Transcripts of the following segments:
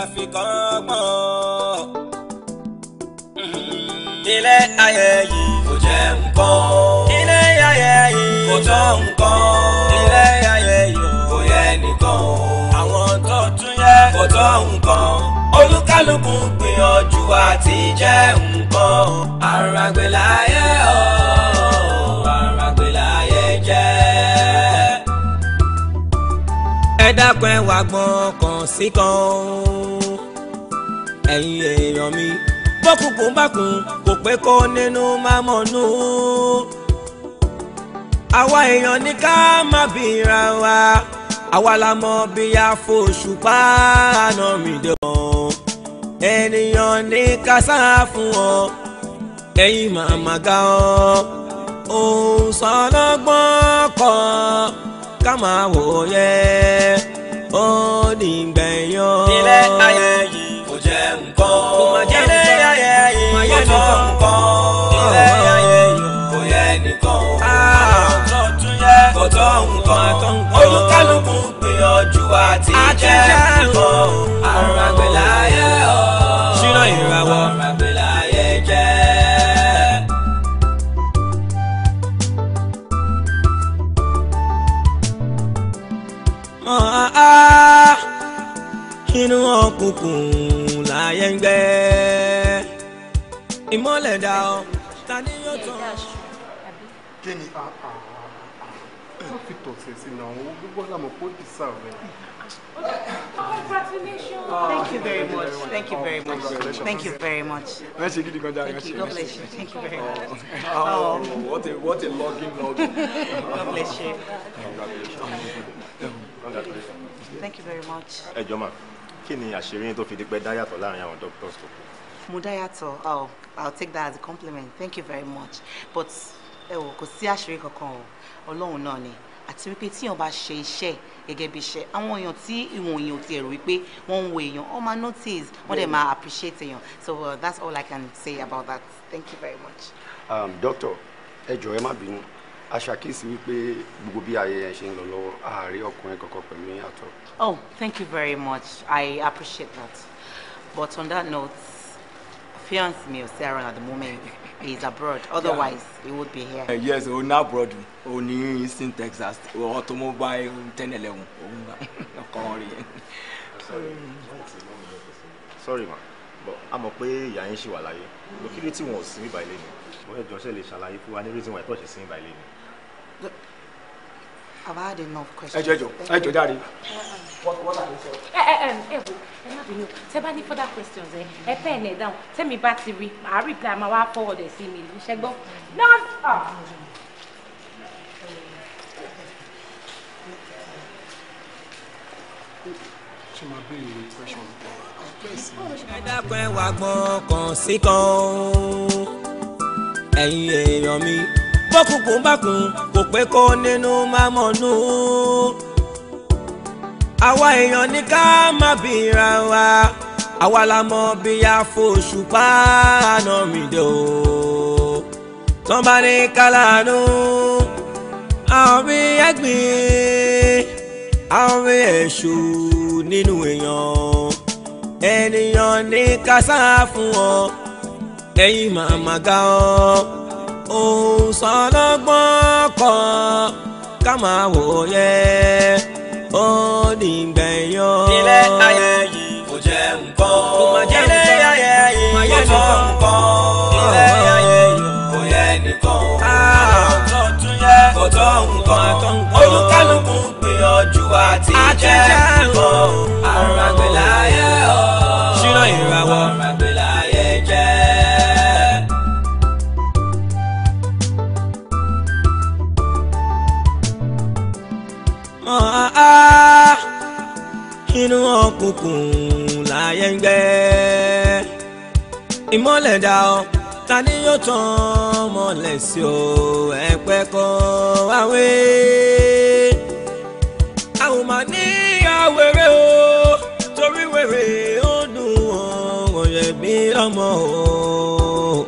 la fi kọ́gbọ́n. Hmm. ilé ayé yìí kò jẹ́ nǹkan. ilé ayé yìí kò tó nǹkan. ilé ayé yìí kò yẹ nìkan. àwọn tó tún yẹ kò tó nǹkan. olúkálùkù gbìyànjú àti jẹ́ nǹkan. àràgbélayé ọ̀ àràgbélayé ẹ dákun ẹ wá gbọ́n kàn sí kan ẹ̀yin èèyàn mi bọ́kùnkùn ń bàkùn kò pẹ́ kọ́ nínú máa mọ̀nú. àwa èèyàn ní ká má bìíra wa àwa la mọ bí a fòṣù pa àná mi dán. ènìyàn ní ká sá fún ọ ẹ̀yin màmá ga ọ òun sọlọ́gbọ́n kan ká máa wò yẹ ó nígbẹ̀yàn. ilé ayé yìí kò má jẹ́ nìkan má yẹ nìkan kò yẹ nìkan kò tún yẹ kò tó nǹkan olúkálùkù gbìyànjú àti jẹ́ nǹkan àràgbẹ̀láyé ọ̀ ṣínà ìràwọ̀ àràgbẹ̀láyé jẹ́. inú ọkùnkùn yẹn ń gbẹ́. ìmọ̀lẹ̀ dà ọ́ ta ni yóò tán. kí ni wọ́n fi tọ̀sẹ̀ sí náà owó gbígbọ́ làmọ́ kó dì sáà Thank you very much. Thank you very much. Thank you very much. Thank you. God bless you. Thank you very oh. much. Oh, oh. God bless you. Thank you very much kí ni àṣírí tó fi di pé dáyàtọ̀ láàrin àwọn doctors tó kù. mo dáyàtọ̀ oh i'll take that as a compliment thank you very much but ẹ wò kò sí àṣírí kankan o ọlọ́run náà ni àti wípé tíyàn bá ṣe iṣẹ́ gẹ́gẹ́ bí iṣẹ́ àwọn èèyàn tí ìwọ̀n èèyàn ti ẹ̀rọ wípé wọ́n ń wo èèyàn wọ́n máa notice wọ́n dẹ̀ máa appreciate èèyàn so uh, that's all I can say about that thank you very much. Um, doctor ẹ jọ̀ọ́ ẹ má bínú a wípé gbogbo bí ayẹyẹ ṣe ń lọ lọ́wọ́ ààrẹ ọkùnrin kankan pẹ̀lú yín àtọ. oh thank you very much i appreciate that but on that note fiance mi ò sí around at the moment he is abroad otherwise yeah. he would be here. Uh, yes o na abroad o ní eastern texas automobile ten eleven òun ọkàn rí. sorry ma but a mọ̀ pé ìyá yín ṣì wà láyé lókìlì tí wọn ò sí níbàyìí lẹ́nu. mo ẹjọ́ ṣe lè ṣàlàyé fún wa ní reason why tó ṣe sí níbàyìí lẹ́nu. I've had enough questions. Hey Jojo, hey jọ̀ọ́ jàre. What what are they saying? Ẹ ẹ ẹ wo ẹ má bínú tẹ bá ní further questions ẹ ẹ pẹ́ ẹ̀ down tẹ́mi bá ti rí màá reply màá wá forward ẹ̀ sí mi ṣẹ́ gbọ́. Not up. Ṣé máa béèrè ìwé question? Ẹ dákun ẹ wá gbọ́n kàn sí kan ẹ̀yin èèyàn mi bọ́kùnkùn bákùn kò pé kó nínú máa mọ̀nú. àwa èèyàn ní ká má bìíra wa àwa la mọ bí a fòṣùpá àná mi dé o. tán bá ní kálánú àwọn bí ẹ̀gbin àwọn bí èṣù nínú èèyàn ènìyàn ní kásá fún ọ ẹ̀yin màmá ga ọ òun sọlọ́gbọ́n kọ́ ká máa wòye ó dìgbẹ̀yìn o. ilé ayé yìí kò jẹ́ nǹkan. kò má jẹ́ nǹkan. ilé ayé yìí kò jẹ́ nǹkan. ilé ayé yìí kò yẹ nìkan. kò tún yẹ kò tó nǹkan. olúkálùkù gbìyànjú àti jẹ́ nǹkan. àrùn àgbẹ̀láyé o. ṣíná ìràwọ̀. nínú òkùnkùn láyé ń gbé ìmọ́lẹ̀ dá ọ ta ni yóò tàn mọ́lẹ̀ sí o ẹ̀pẹ́ kan wáwé àwọn máa ní àwèrè o torí wèrè ó dùn ọ̀rọ̀ yẹn bí ọmọ o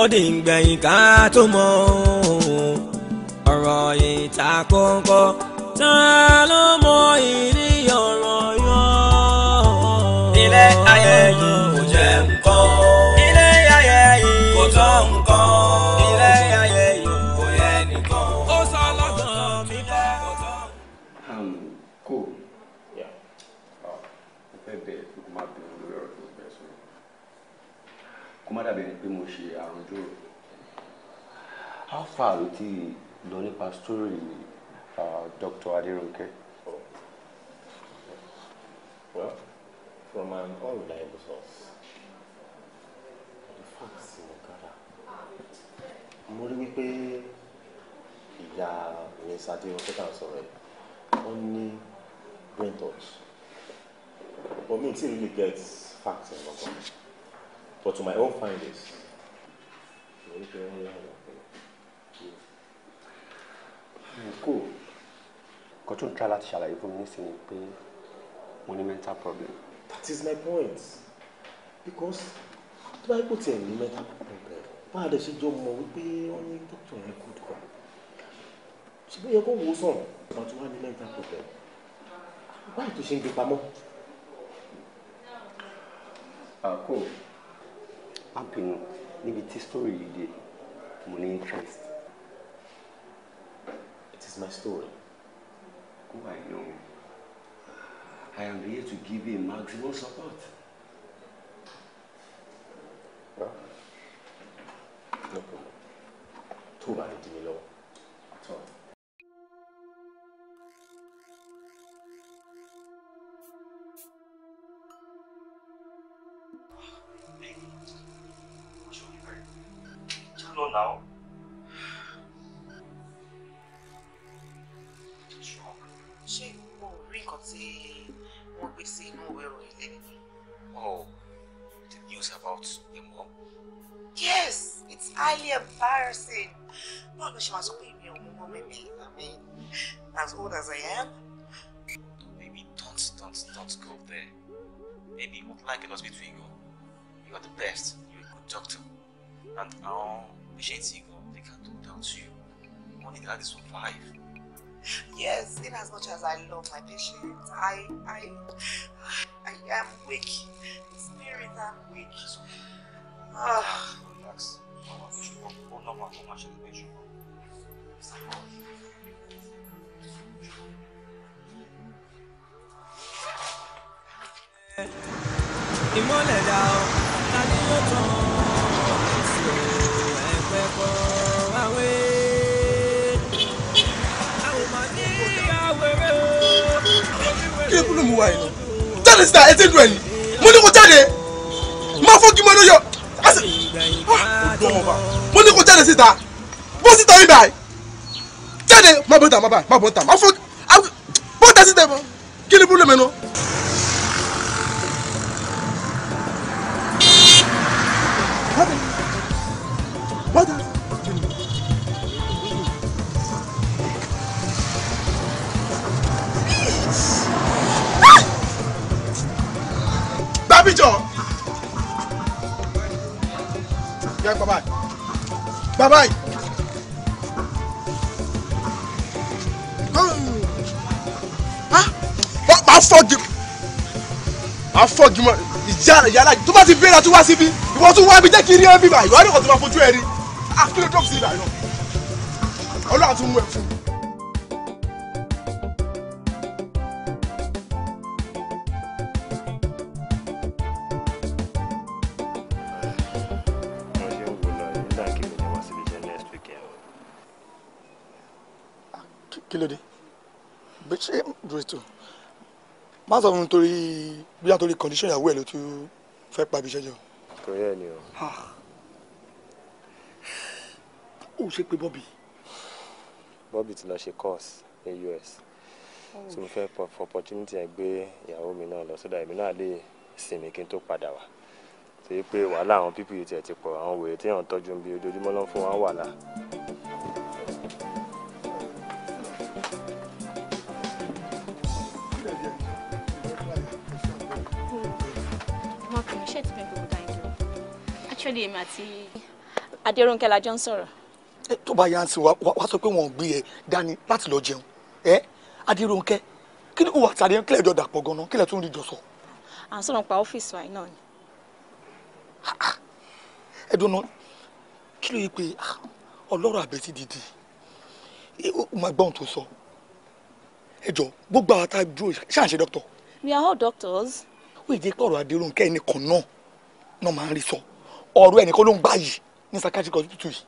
ó ìgbẹ̀yìn ká tó mọ̀ ọ̀rọ̀ ìta kọ́ńkọ́ ta ló mọ ìlú. ayé yìí kò jẹ́ nǹkan. ilé ayé yìí kò tọ́ nǹkan. ilé ayé yìí kò yẹ nìkan. ó sọ lọ́gbọ̀n mi lẹ́ kò tọ́. kò ah, mo fẹ́ bẹ̀ ẹ́ kó má bínú lórí ọ̀rọ̀ tó bẹ̀ sọ̀rọ̀ kó má dàbí ẹni pé mo ṣe àròjọ how far ló ti lọ nípa story ah, Dr. Adérónkẹ́. Well from an unreliable source. The facts mo gather. Mo rí wípé ìyá mi Sadé Rọ́kẹ́tà ń sọ̀rọ̀ ẹ̀. Wọ́n ní brain touch. But me too really get facts in London. But to my own findings, mo rí pé wọ́n yá ọ̀rọ̀ pé kò. Kò tún tra láti ṣàlàyé fún mi nísìnyí pé mo ní mental problem that is my point because tó bá yẹ kó tiẹ̀ ní mẹ́ta problem bá a lè ṣe jọ mọ̀ wípé wọ́n ní dókítà yẹn kú kan ṣùgbọ́n yẹ kó wò ó sàn mà tó wà ní mẹ́ta problem báyìí tó ṣe ń gbé pamọ́. àkó àbínú níbi tí story yìí dé mo ní interest. it is my story. kó wà ní I am here to give you maximum support. Well, no problem. Tó bá lè di mi She must be pé èmi ò maybe I mean as old as I am. No, baby don't don't don't go there baby mo like it hospital you go you are the best You're a good doctor and our oh, patients you go they can do without you Only dey hard to survive. Yes, in as much as I love my patients, I I I am weak. Spirit I'm weak. Ah. Relax. Oh, oh no, patient. Oh normal, normal patient ìmọ̀lẹ̀ dà ọ́ ta ni yóò tán ẹ̀sìn ẹ̀pẹ́ kọ́ àwẹ̀. àwọn máa ní àwẹ̀rẹ̀ o. kí ló mú wa yìí lọ jáde síta ẹ ti dùn ẹ̀yìn mo ní kó jáde má fọ́ọ̀kì mọ́ ló yọ ah, ọ̀dọ́ ọba mo ní kó jáde síta bó síta yìí báyìí jáde má bọ́ta má bọ́ta má fọ́ bọ́ta sí tẹ̀ mọ́ kí ni búlọ̀ mẹ́nu. fọ́ọ̀gì mọ́ ìjà ìyàlá tó bá ti bẹ́ẹ̀rẹ̀ tó wá síbi ìwọ tó wá bí jẹ́ kí rí ẹ́ bíbá ìwádìí kan tó máa fojú ẹ̀ rí akílódọ́ọ̀sì ah, ìbàdàn ọlọ́run tún mú ẹ fún un. má sọ fún mi torí bóyá torí condition ìyàwó ẹ̀ ló tún fẹ́ pa ibi iṣẹ́ jẹ. torí ẹ ni o. ó ṣe pé Bobby. Bobby ti lọ ṣe course ní US oh. so mo fẹ́ for opportunity ẹ gbé ìyàwó mi náà lọ sódà èmi náà lè sinmi kí n tó padà wá torí pé wàhálà àwọn pípì tiẹ̀ ti pọ̀ àwọn wèrè tí èèyàn tọ́jú ń bí ojoojúmọ́ ló ń fún wọn wàhálà. ṣọ́ọ̀dì èmi àti adéròǹkẹ́ la jọ ń sọ̀rọ̀. tó bá yá sí wa sọ pé wọn ò gbé ẹ dání láti lọ jẹun ẹ adéròǹkẹ́ kí ni òwò àtàrí kílẹ̀ jọ dàpọ̀ gan-an kílẹ̀ tún rí jọ sọ. à ń sọ̀rọ̀ pa ọ́fíìsì wa náà ni. ẹ dùnú kí ló yẹ pé ah, ọlọ́rọ̀ àbẹ́tí dìdì ó máa gbọ́n tó sọ ẹ jọ gbogbo àwọn tá a dúró ṣáàṣẹ dókítà. we are all doctors. ó yẹ kí ọ̀rọ̀ adéròǹkẹ́ ẹnì kan náà náà máa ń rí sọ. So ọ̀rọ̀ ẹnìkan ló ń gbà yìí ní psychiatric hospital yìí.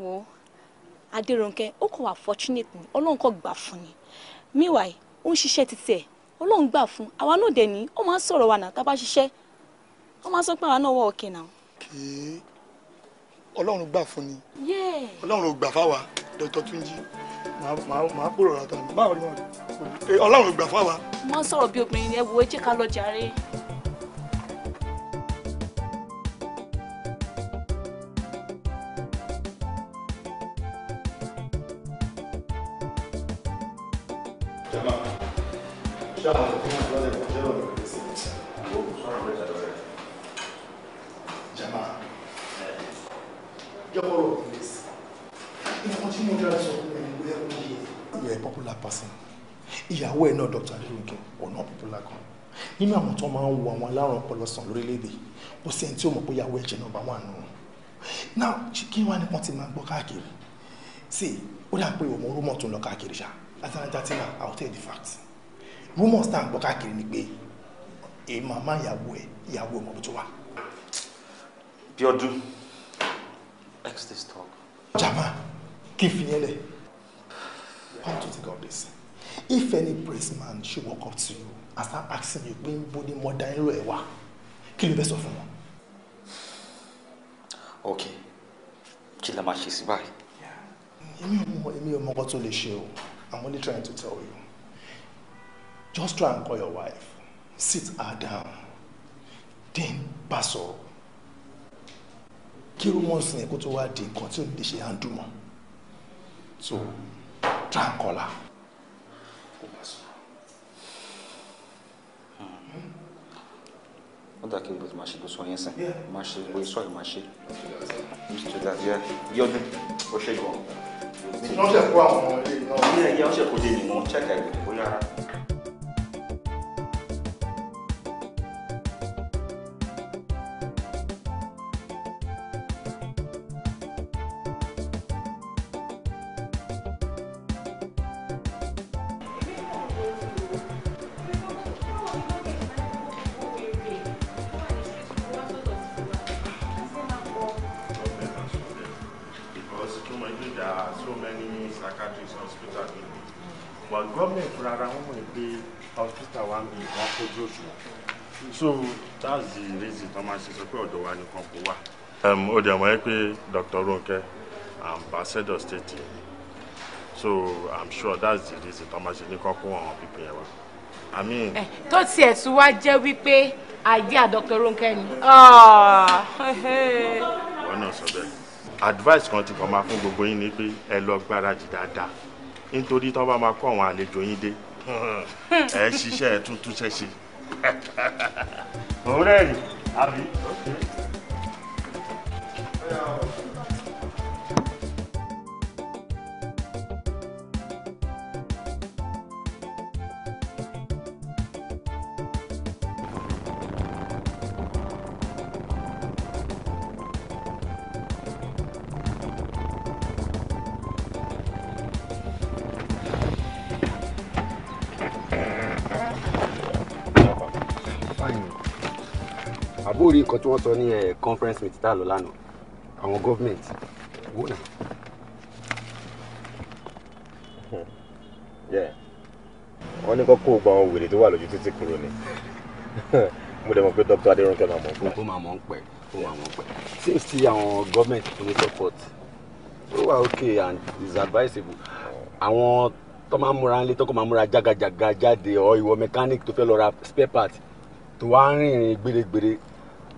wo adérónkẹ́ ó kàn wá fortunate ni ọlọ́run kò gbà fún ni meanwhile ó ń ṣiṣẹ́ títí ẹ̀ ọlọ́run gbà fún àwa náà dẹ̀ ní ó máa ń sọ̀rọ̀ wa náà tá a bá ṣiṣẹ́ ó máa ń sọ pé àwa náà wọ̀ ọ̀kẹ́ náà. kìí ọlọ́run gbà fún ni ọlọ́run ò gbà fáwa dr túnjí màá kúrò rà tán báwo ni wọn ọlọ́run gbà fáwa. wọ́n sọ̀rọ̀ bí obìnrin ẹ wo ẹ jẹ́ ká lọ jàre. You're a popular person. Ìyàwó ẹ̀ náà Dr. Aderoke ọ̀nà popular kan. Nínú àwọn tó máa ń wo àwọn alárùn ọpọlọ sàn lórílẹ̀-èdè, kò sí ẹni tí ó mọ̀ pé ìyàwó ẹ̀ jẹ́ nọ́mbà one nù. Now, kí wá ní wọ́n ti máa gbọ́ káàkiri? Sí, ó dà pé òun orúmọ̀ tó ń lọ káàkiri ṣá. As an entertainer, I will tell you the facts rumors tá à ń gbọ́ káàkiri ni pé èyí màmá ìyàwó ẹ̀ ìyàwó ọmọ tó wà. Bíọ́dún x this talk. jama kí n fi yẹn lẹ how to think of this if any praise man should walk up to you and start asking you pé bó ni mo dá irú ẹ wá kí ló fẹ́ sọ fún wọn. ok kí la máa ṣe sí báyìí. èmi ò mọ èmi ò mọ ọkọ tó lè ṣe o i'm only trying to tell you. Just try and call your wife. Sit her down. Then pass on. Kí ló wọ́n sin kó tó wá di nǹkan tí ò lè ṣe à ń dùn mọ́. So try and call her. Kó bá sọ̀rọ̀. Ó dà kí n bọ̀dọ̀ máa ṣe tó sọ sìn. Máa ṣe bó sọ yìí máa ṣe. Mr. Davia, yọdún, ó ṣe gan. Wọ́n àwọn ọmọ ilé náà. Ilé ẹ̀yẹ́ wọ́n ṣe kó dé ìmọ̀ ṣẹ́ka bóyá so that's the reason tó máa ṣe sọ pé ọ̀dọ̀ wa nìkan kò wà. ó dẹ̀ mọ̀ ẹ́ pé Dr. Ronke ambassador state yìí so i'm sure that's the reason tó máa ṣe ní kọ́kọ́ àwọn pípín yẹn wá. I mean. Eh, tó tiẹ̀ tún wá jẹ́ wípé àìdíà Dr. Ronke ni. Ah, wọn náà sọ bẹ́ẹ̀ advice kan tí kò máa fún gbogbo yín ni pé ẹ lọ gbáradì dáadáa nítorí tó bá máa kó àwọn àlejò yín dé ẹ ṣiṣẹ́ ẹ tún túnṣẹ́ ṣe òun rẹ̀ rí àbí. nǹkan tí wọ́n sọ ní eh, conference meet tá a lọ lánàá àwọn government wò náà. Hmm. wọ́n ní kọ́kọ́ gba àwọn wèrè tó wà lójú títí kúrò ni mo dẹ̀ mọ̀ pé dr adéròǹkẹ́ máa mọ̀ pẹ́. ó máa mọ̀ ń pẹ́ ó máa mọ̀ ń pẹ́ seems ti àwọn government tó ní support ó wà okay and is advisable àwọn tó máa ń múra ńlé tó kọ́ máa ń múra jágajàga jáde ọ̀ ìwọ mechanic tó fẹ́ lọ ra spare part tó wá ń rìnrìn gbèrègbèrè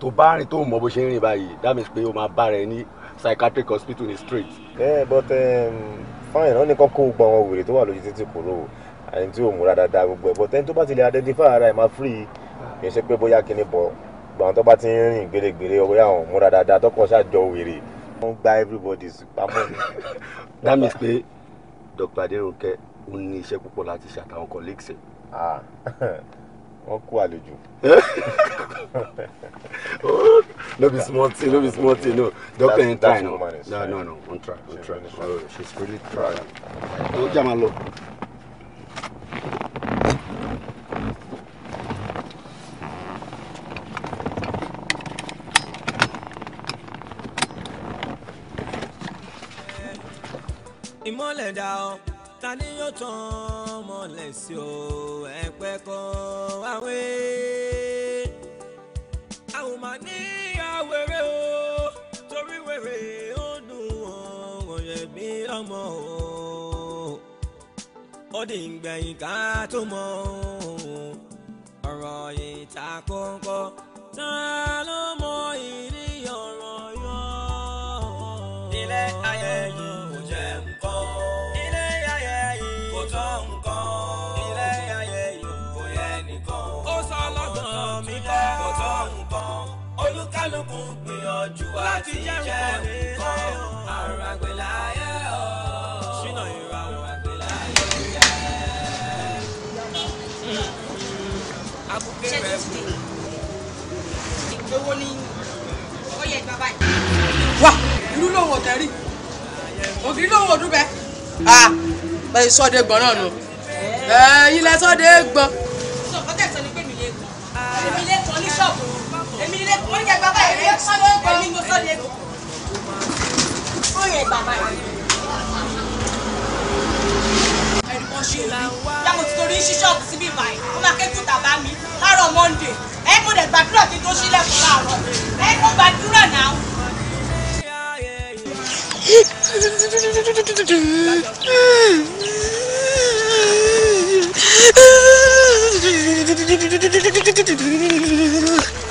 tó bá rìn tó mọ bó ṣe ń rìn báyìí that means pé o máa bá rẹ ní psychiatric hospital ní straight. ẹ ẹ but um, fine wọn nìkan kó gbọ́n wọn wèrè tó wà lójú títí kúrò àyìn tí ò múra dáadáa gbogbo ẹ but ẹni tó bá ti lè identify ara ẹ máa free kì í ṣe pé bóyá kíní bọ̀ gbọ̀n tó bá ti ń rìn gbèrègbèrè bóyá àwọn múra dáadáa tọkọ ṣàjọ wèrè wọn gba everybody pamọ́. that means pé Dr. Adérónkẹ́ ó ní iṣẹ́ púpọ̀ láti ṣàtàwọn colleagues ẹ̀. Ah. wọ́n kú àlejò. no be small thing no be small thing no doctor in time, no no no no n try n try oh she's really trying. ó jà máa lọ. ìmọ̀lẹ̀ dà ọ́ ta ni yóò tán ọmọ lẹ̀ sí o ẹ pẹ́ kọ́ àwé a ò máa ní àwèrè o torí wèrè ó dùn ọ̀rọ̀ yẹn bí ọmọ o ó di ká tó mọ ọ̀rọ̀ ìta kọ́kọ́ ló. ìtọ́jú àti jẹ́ nǹkan àràgbéláyé ọ̀ ṣínà ìràwọ̀ àràgbéláyé jẹ́. Àbúké rẹ̀ bù. Ìgbówó ni ó yẹ bàbá yìí. Wà irú lòun ò tẹ́rì, ògiri lòun ò dúbẹ́. Bẹ́ẹ̀ sọ́dẹ̀ gbọ́n náà nù. Ẹ̀yin lẹ sọ́dẹ̀ gbọ́n. I'm going to mí mo sọ lè fún yẹn bàbá rẹ. ẹni kan ṣe rí yàgò tí torí ṣí ṣọ́ọ̀bù síbí báyìí ó máa ké kúta bá mi láàárọ̀ monde ẹ mo dẹ̀ gbàdúrà kí n tó ṣílẹ̀kùn láàárọ̀ ẹ mo gbàdúrà náà. Thank you.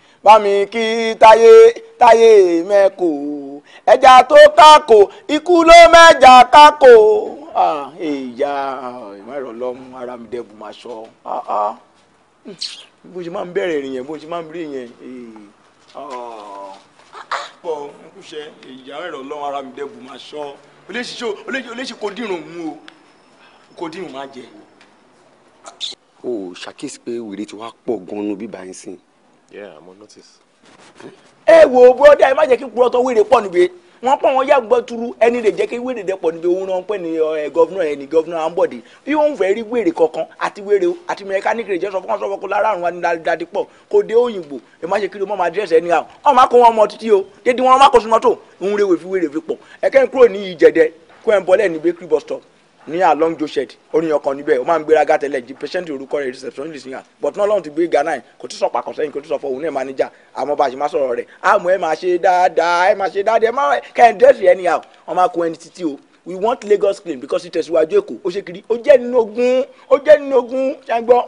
bá mi kí táyé táyé mẹ́kò ẹja tó kákò ikú ló mẹ́ja kákò ìyá ìmọ̀ràn lọ́mú ara mi dẹ́bu máa sọ bó ṣe máa ń bẹ̀rẹ̀ rìn yẹn bó ṣe máa ń rí yẹn pọ̀ nkúṣẹ́ ìyá ẹ̀rọ lọ́wọ́ ara mi dẹ́bu máa sọ olóṣì kò dìrùn mú o kò dìrùn máa jẹ. o ṣàkíyèsí pé wèrè ti wá pọ̀ gan-an bíbá yín sìn. Yeah, I'm on notice. ẹ wo broda ẹ má jẹ́ kí kúrọ́ tó wéèrè pọ̀ níbi wọ́n pọ̀ wọ́n yàgbọ́ turu ẹni lè jẹ́ kí wéèrè dẹ̀ pọ̀ níbi òun náà ń pè ní gọ́vnà ẹni gọ́vnà Ambode bí wọ́n fẹ́ rí wéèrè kankan àti wéèrè àti mẹkáníkì rẹ̀ jẹ́ sọ fún ọ̀sọ́fọ́ kó lára àrùn adadi pọ̀ kó dé òyìnbó ẹ má ṣe kí ló mọ́ máa dírẹ́sì ẹni àwọn ọmọ akó wọn mọ títí o dédé wọn má kó sunmọ́tò òun rèwè fi wéèrè fi pọ̀ ẹ̀kẹ́ kúrò ní ìjẹ̀dẹ̀ kó ẹ̀ ń bọ́lẹ̀ ní bakery bus stop ní along joseph oníyan kan níbẹ̀ ó máa ń gbéraga tẹ́lẹ̀ di patient orúkọ rẹ̀ receptionist yàn but náà lọ́run ti gbé ghana yìí kò tí sọ pàkọ́ sẹ́yìn kò tí sọ fọ òun náà manager àmọ́ bá a ṣe máa sọ̀rọ̀ rẹ̀ àmọ́ ah, ẹ máa ṣe dáadáa ẹ máa ṣe dáadáa ẹ máa kẹ́hìndẹ́sì ẹni à wọ́n máa kó ẹni títí o we want lagos clean because it tẹ̀síwájú èkó ó ṣe kiri ó jẹ́ nínú ogun ó jẹ́ nínú ogun ṣàǹgbọ́.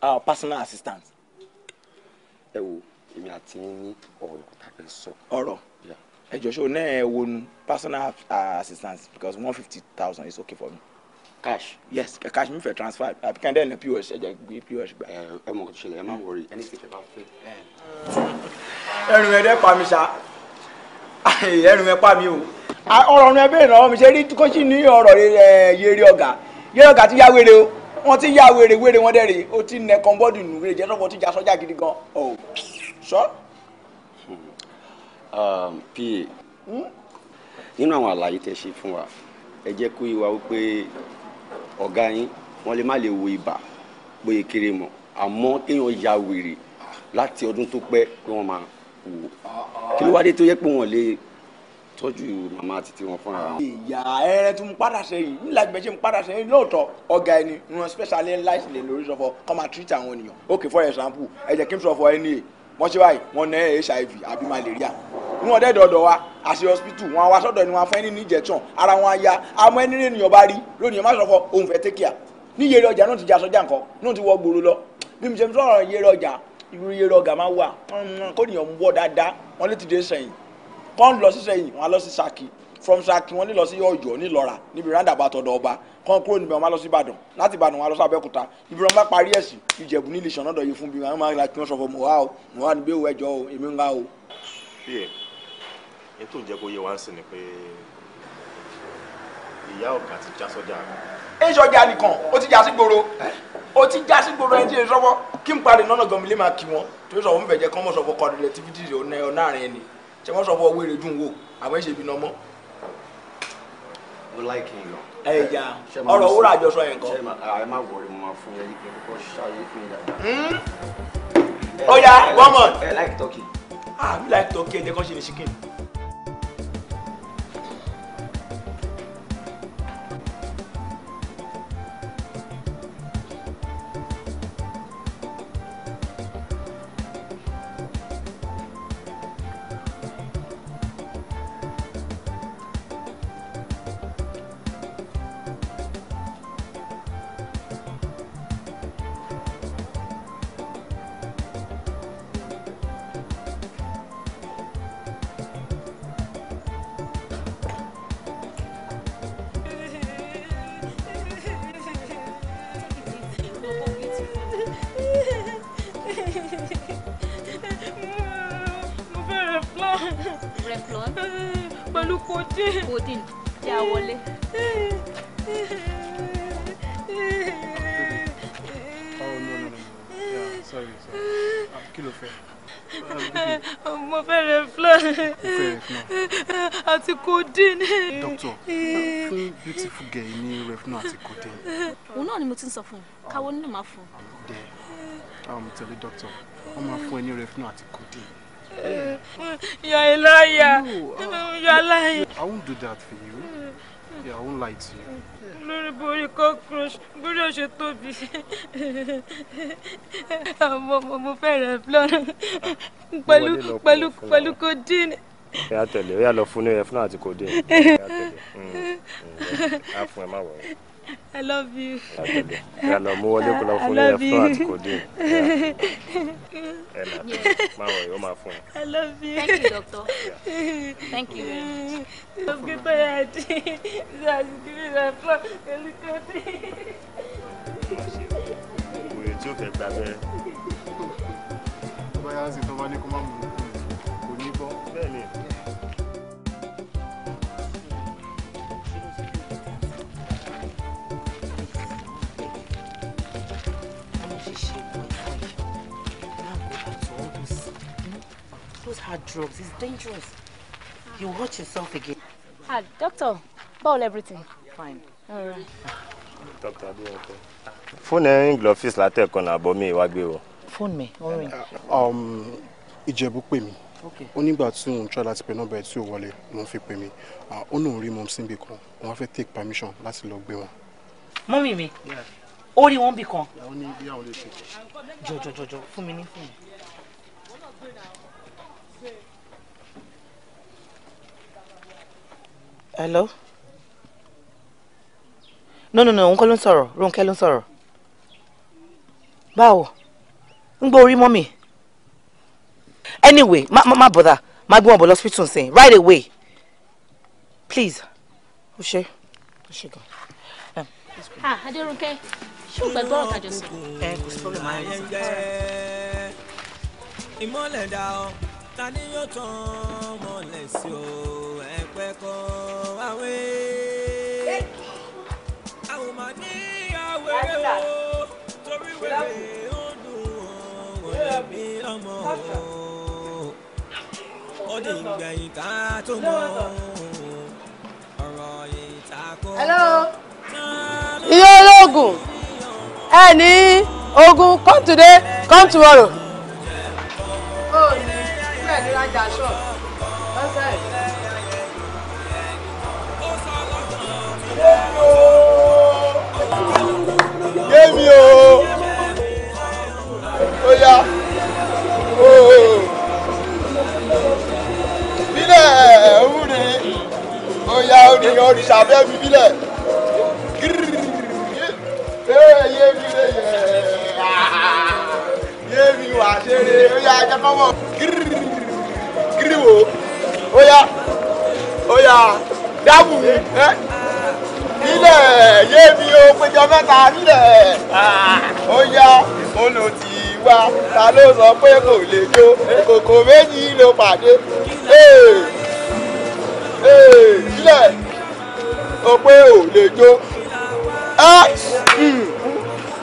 pa uh, personal assistant. ẹ wo èmi àti yín ní ọ̀rọ̀ tá sọ. ọ̀rọ̀ ẹ jọ̀ṣọ́ náà ẹ wo nu personal uh, assistant because one fifty thousand is okay for me. cash. yes cash mi fẹ́ transfer àbí kí n dẹ́nu pos ẹ jẹ́ gbé pos gbà. ẹ ẹ mọ̀ kò tó ṣẹlẹ̀ ẹ má wọrí ẹni tí ẹ bá fẹ́. ẹrù ẹ dẹ́ pa mi ṣá ẹrù ẹ pa mi o ọ̀rọ̀ ọ̀run ẹ bẹ́ẹ̀ náà mi ṣe rí kó sì ní ọ̀rọ̀ eh, yẹrẹ ọ̀gá yẹrẹ ọ̀gá ti yá wéré o wọ́n ti ya wèrè wèrè wọn dẹ́rẹ̀ ó ti nẹ kọ́ńbọ́ọ̀dù nù wèrè jẹ́ sọ́kọ́ ti jà sọ́jà gidi gan ọ̀ sọ. Um, pa hmm? nínú àwọn àlàyé tẹ́ ṣe fún wa ẹ jẹ́ kó yé wa wípé ọ̀gá yín wọ́n lè má lè wo ibà bóyá kéré mọ́ àmọ́ kéèyàn ya wèrè láti ọdún tó pẹ́ pé wọ́n máa wò ah, ah. kí ló wá dé tó yẹ pé wọ́n lè tọ́jú màmá àti tiwọn fúnra wọn. ìyá ẹrẹ tún padà sẹ́yìn nílà ìgbẹ́ ṣe ń padà sẹ́yìn lóòótọ́ ọ̀gá ẹni ran special light lè lórí sọfọ kọ́ máa treat àwọn ènìyàn okay for example ẹ jẹ́ kí n sọfọ ẹni è wọ́n ṣe báyìí wọ́n ná hiv àbí malaria ní wọn dẹ́dọ̀ ọ̀dọ̀ wa àṣẹ hospital wọn wá sọ́dọ̀ ni wọn fẹ́ ní ní injection ara wọn aya àmọ́ ẹni rẹ̀ ènìyàn bá rí lónìí ẹ má sọfọ òun fẹ́ take care ní yèrè ọjà náà ti jà sọjà nǹkan náà ti wọ gbòòrò lọ bí mi ṣe ń sọ̀rọ̀ yèrè ọjà irú yèrè ọjà máa wà kó nìyàn wọ dáadáa wọn lè ti dé sẹ́yìn kán lọ sí sẹ́yìn wọn á lọ sí Ṣakí from Ṣakí wọn ní lọ sí Ọ̀yọ́ nílọra níbi roundabout ọ̀dọ̀ ọba kán kúrò níbẹ̀ wọn á lọ sí Ìbàdàn láti Ìbàdàn wọn á lọ sí Abẹ́òkúta ibi wọn bá parí ẹ̀sìn Ìjẹ̀bú nílì ìṣàn náà dọ̀yẹ fún bí wọn máa kí wọn sọ fún mọ wá o mọ wá níbẹ̀ òwò ẹjọ́ o èmi ń ra o. bí ẹ ẹ tó ń jẹ kó yẹ wá ń sìn ni pé ìyá ọ̀gá ti já sọ́jà ẹ sọjà nìkan ó ti já sí gbòòrò ó ti já sí gbòòrò ẹni tí ì sọ́wọ́ kí n parí nọ́nà gan mi lè máa kí wọn tó sọ wọn fẹ̀jẹ̀ kán mọ̀ sọ fún kọ́ọ̀dù rẹ̀ tífítì ọ̀nà àárín ẹni ṣé wọ́n sọ fún ọwọ́ èrè dùn wò àwọn èsè bí nọmọ. mo láìkí yín lọ. ẹ yẹn kan. Hmm? ẹ one month. I like talking. ah mi like talking. ẹ jẹ́ kó ṣe ní chicken. fún káwọ́ náà máa fún. dẹ àwọn tẹ̀lé dókítà wọn máa fún ẹ ní refino àti codeine. yà á láyà yà á láyà. I won't do that for you. Yeah, I won't lie to you. lórí borí cockroach borí ọ̀ṣẹ́ tóbi àmọ́ mo fẹ́ rẹ̀ flọ́rọ̀ pẹ̀lú pẹ̀lú pẹ̀lú codeine ẹ yà tẹ̀lé ẹ yà lọ fún ní ẹ fún àti kò dé ẹ yà tẹ̀lé ẹ mm, mm, fún ẹ má wọ̀ ẹ. I love you. Ẹ̀nà mú wọlé kó lọ fún yẹn fún àti kò dín. Ẹ̀nà máa wọ̀ yóò I love you. Thank you, doctor. Yeah. Thank you very much. get tired. Just give me that floor. Òye tí ó fẹ́ gbà bẹ́ẹ̀. Báyọ̀ á sì tó bá ní kó má mú un those hard drugs. It's dangerous. You watch yourself again. Ah, doctor, bowl everything. Fine. All right. Doctor, I'll be okay. Phone in the office later, kọ́nà àbọ̀ mi wá gbé o. Phone me, All right. Um, Ìjẹ̀bú pè mí. Okay. Ó nígbà tí òun try láti pe nọ́mbà ẹ̀ tí ò pay ló ń fi pè mí. Uh, ó náà rí mọ́mí take permission That's lọ gbé wọn. Mommy me. Yeah. rí wọn bì kan. Ìyàwó ní ìyàwó lè jojo. Jọ̀jọ̀jọ̀jọ̀ fún mi ní hello no no no òun kọ́ ló ń sọ̀rọ̀ Rónkẹ́ ló ń sọ̀rọ̀ báwo ń anyway my my má bother má gbé wọn bọ̀ lọ́sítún sìn right away please ó ṣe ó ṣe gan. ah Adérónkẹ́ ṣé o gbàgbọ́ ọ̀rọ̀ I just. ẹ kò sí problem ayé ìmọ̀lẹ̀ ta ni yóò tán mọ̀lẹ́ sí o ẹ̀pẹ́ kọ́ àwẹ̀. àwọn máa ní àwẹ̀rẹ̀ o torí wẹ̀rẹ̀ ó dùn ó lè bí ọmọ o ó lè gbẹ̀yìn ká tó mọ̀ ọ̀rọ̀ ìtakò. iye ológun ẹ ní ogun come today come tomorrow. òrìṣà mi fi bílẹ̀ yé mi lè Ye yé mi wà ṣeré ya, yá ajá kọ́mọ gírí wò ó yá ó yá dábù mi ẹ nílẹ̀ yé mi o péjọ mẹ́ta nílẹ̀ ah. ó yá olò tì í wá ta ló sọ pé kò lè jó kòkò méjì ló pàdé. Hey! Hey! Sílẹ̀! o pé ò lè jó hmm. ẹ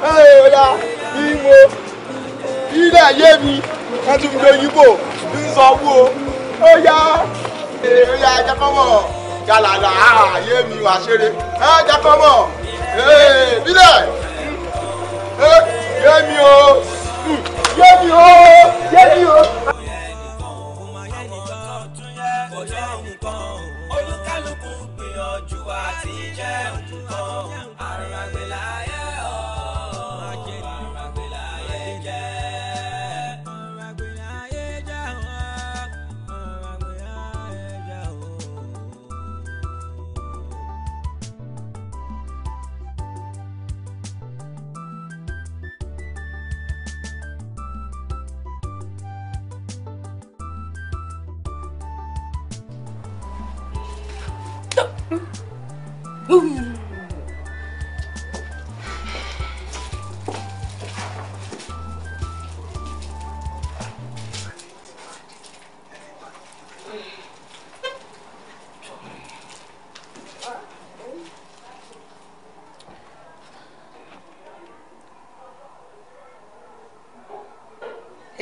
ẹ ya bí mo ilé ayé mi wọ́n tún fi oyinbo ń sọ wú o ó yá ó yá jákọ́mọ̀ jàlàlà ayé mi wà ṣeré ẹ jákọ́mọ̀ bílẹ̀ hmm, yé mi o yé mi o yé o yanjú àti jẹ́ òtún kan àrùn àgbẹ̀láyé.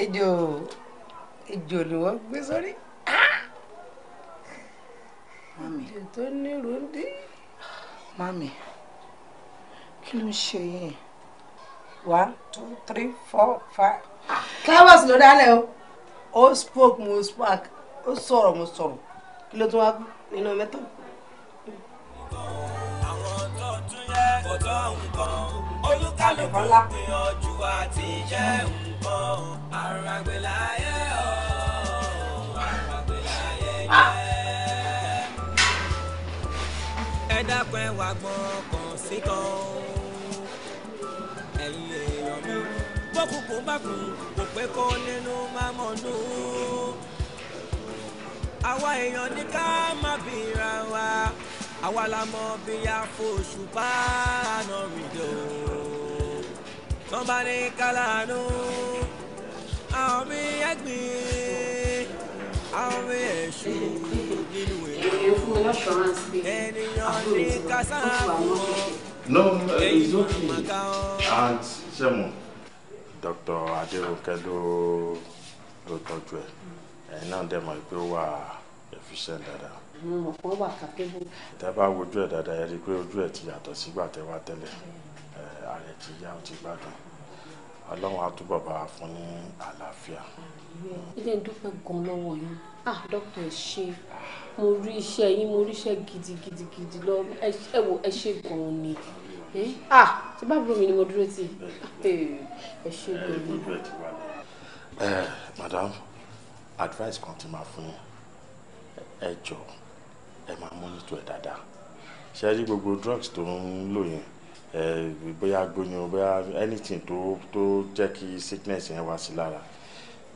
ejò ejò ni wọ́n gbé sórí. Ah! Mami. Ejò tó ní ròndé. Mami, kí ló ń ṣe yín? One, two, three, four, five. Káwọ́sì ló dálẹ̀ o. Ó spoke mo spoke. Ó sọ̀rọ̀ mo sọ̀rọ̀. Kí ló tún wá kú nínú mẹ́tọ́? Àwọn tó tún yẹ kò ẹ dákun ẹ wá gbọ́kàn sí kan ẹ̀yin èèyàn mi bókun kò bá kún kò pé kó nínú máa mọ̀ nù àwa èèyàn ní ká má bìíra wa àwa la mọ bí a fòṣù bá nà rìndò tán bá ní kálánú àwọn mi ẹgbìn àwọn mi ẹ̀ṣù èyí fún mi l'assurance pé àbúrò mi ti wà ó ti wà and sẹ́mu. Dr. Adérónkẹ́ ló ló tọ́jú ẹ̀ ẹ̀yin náà dẹ̀ mọ̀ pé ó wà efficient dáadáa. mo mọ̀ pé ó wà capable. tẹ́ bá wojú ẹ̀ dáadáa ẹ rí i pé ojú ẹ̀ ti yàtọ̀ sígbà tẹ́ wá tẹ́lẹ̀ ààrẹ ti yá ó ti gbádùn ọlọ́run á túbọ̀ bá fún ní àlàáfíà. ilé dúpẹ́ gan lọ́wọ́ yín ah dókítà ẹ ṣé mo rí iṣẹ́ yín mo rí iṣẹ́ gidigidigidi lọ ẹ wo ẹ ṣe gan-an ni ah ṣe bá bùrọ̀ mi ni mo dúró tì ẹ ṣe gan-an ni. madam advice kan ti máa fún yín ẹ jọ ẹ máa monitor ẹ dáadáa ṣe rí gbogbo drugs tó ń lò yẹn bóyá gbóyún bóyá anything tó tó jẹ́ kí sickness yẹn wá sí lára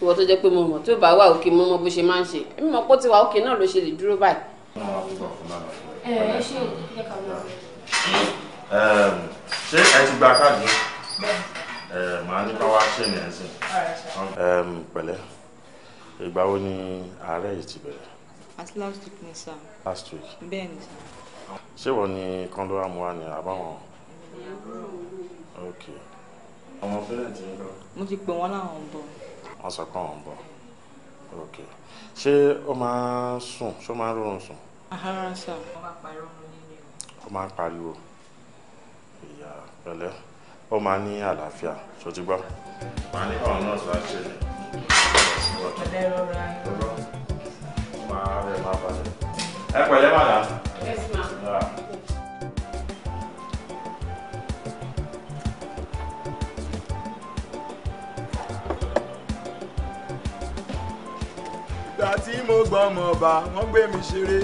ìwọ tó jẹ́ pé mo mọ̀ tí ò bá wà òkè mo mọ̀ bó ṣe máa ń ṣe èmi mọ̀ pé ó ti wà òkè náà ló ṣe lè dúró báyìí. ẹ ẹ ṣe ìjẹ́ ká lọ. ṣé ẹ ti gba káàdì màá ní ká wá ṣe ní ẹsẹ. pẹ̀lẹ́ ìgbà wo ni àárẹ̀ yìí ti bẹ̀rẹ̀. at last week ni sir. last week. bẹ́ẹ̀ ni sir. ṣé wọ́n ní kọ́ńdọ́rà mu ni àbáwọn. ok. ọmọ fẹ́rẹ̀ ti ń lọ. mo ti pè wọ́n láwọn bọ̀ wọ́n sọ pé àwọn ń bọ̀ ok ṣé ó máa ń sùn ṣé ó máa ń rọrùn sùn. àhárá ń sà. ó máa ń pariwo ìyá pẹ̀lẹ́ ó máa ń ní àlàáfíà ṣojú gbọ́. màá ní káwọn náà sọ àṣẹ ni. ọ̀lẹ́ rọra ni. máa rẹ̀ máa balẹ̀. ẹ pẹ̀lẹ́ màdà. ẹ sì máa. ìgbà tí mo gbọ́ ọmọ ọba wọ́n gbé mi ṣeré.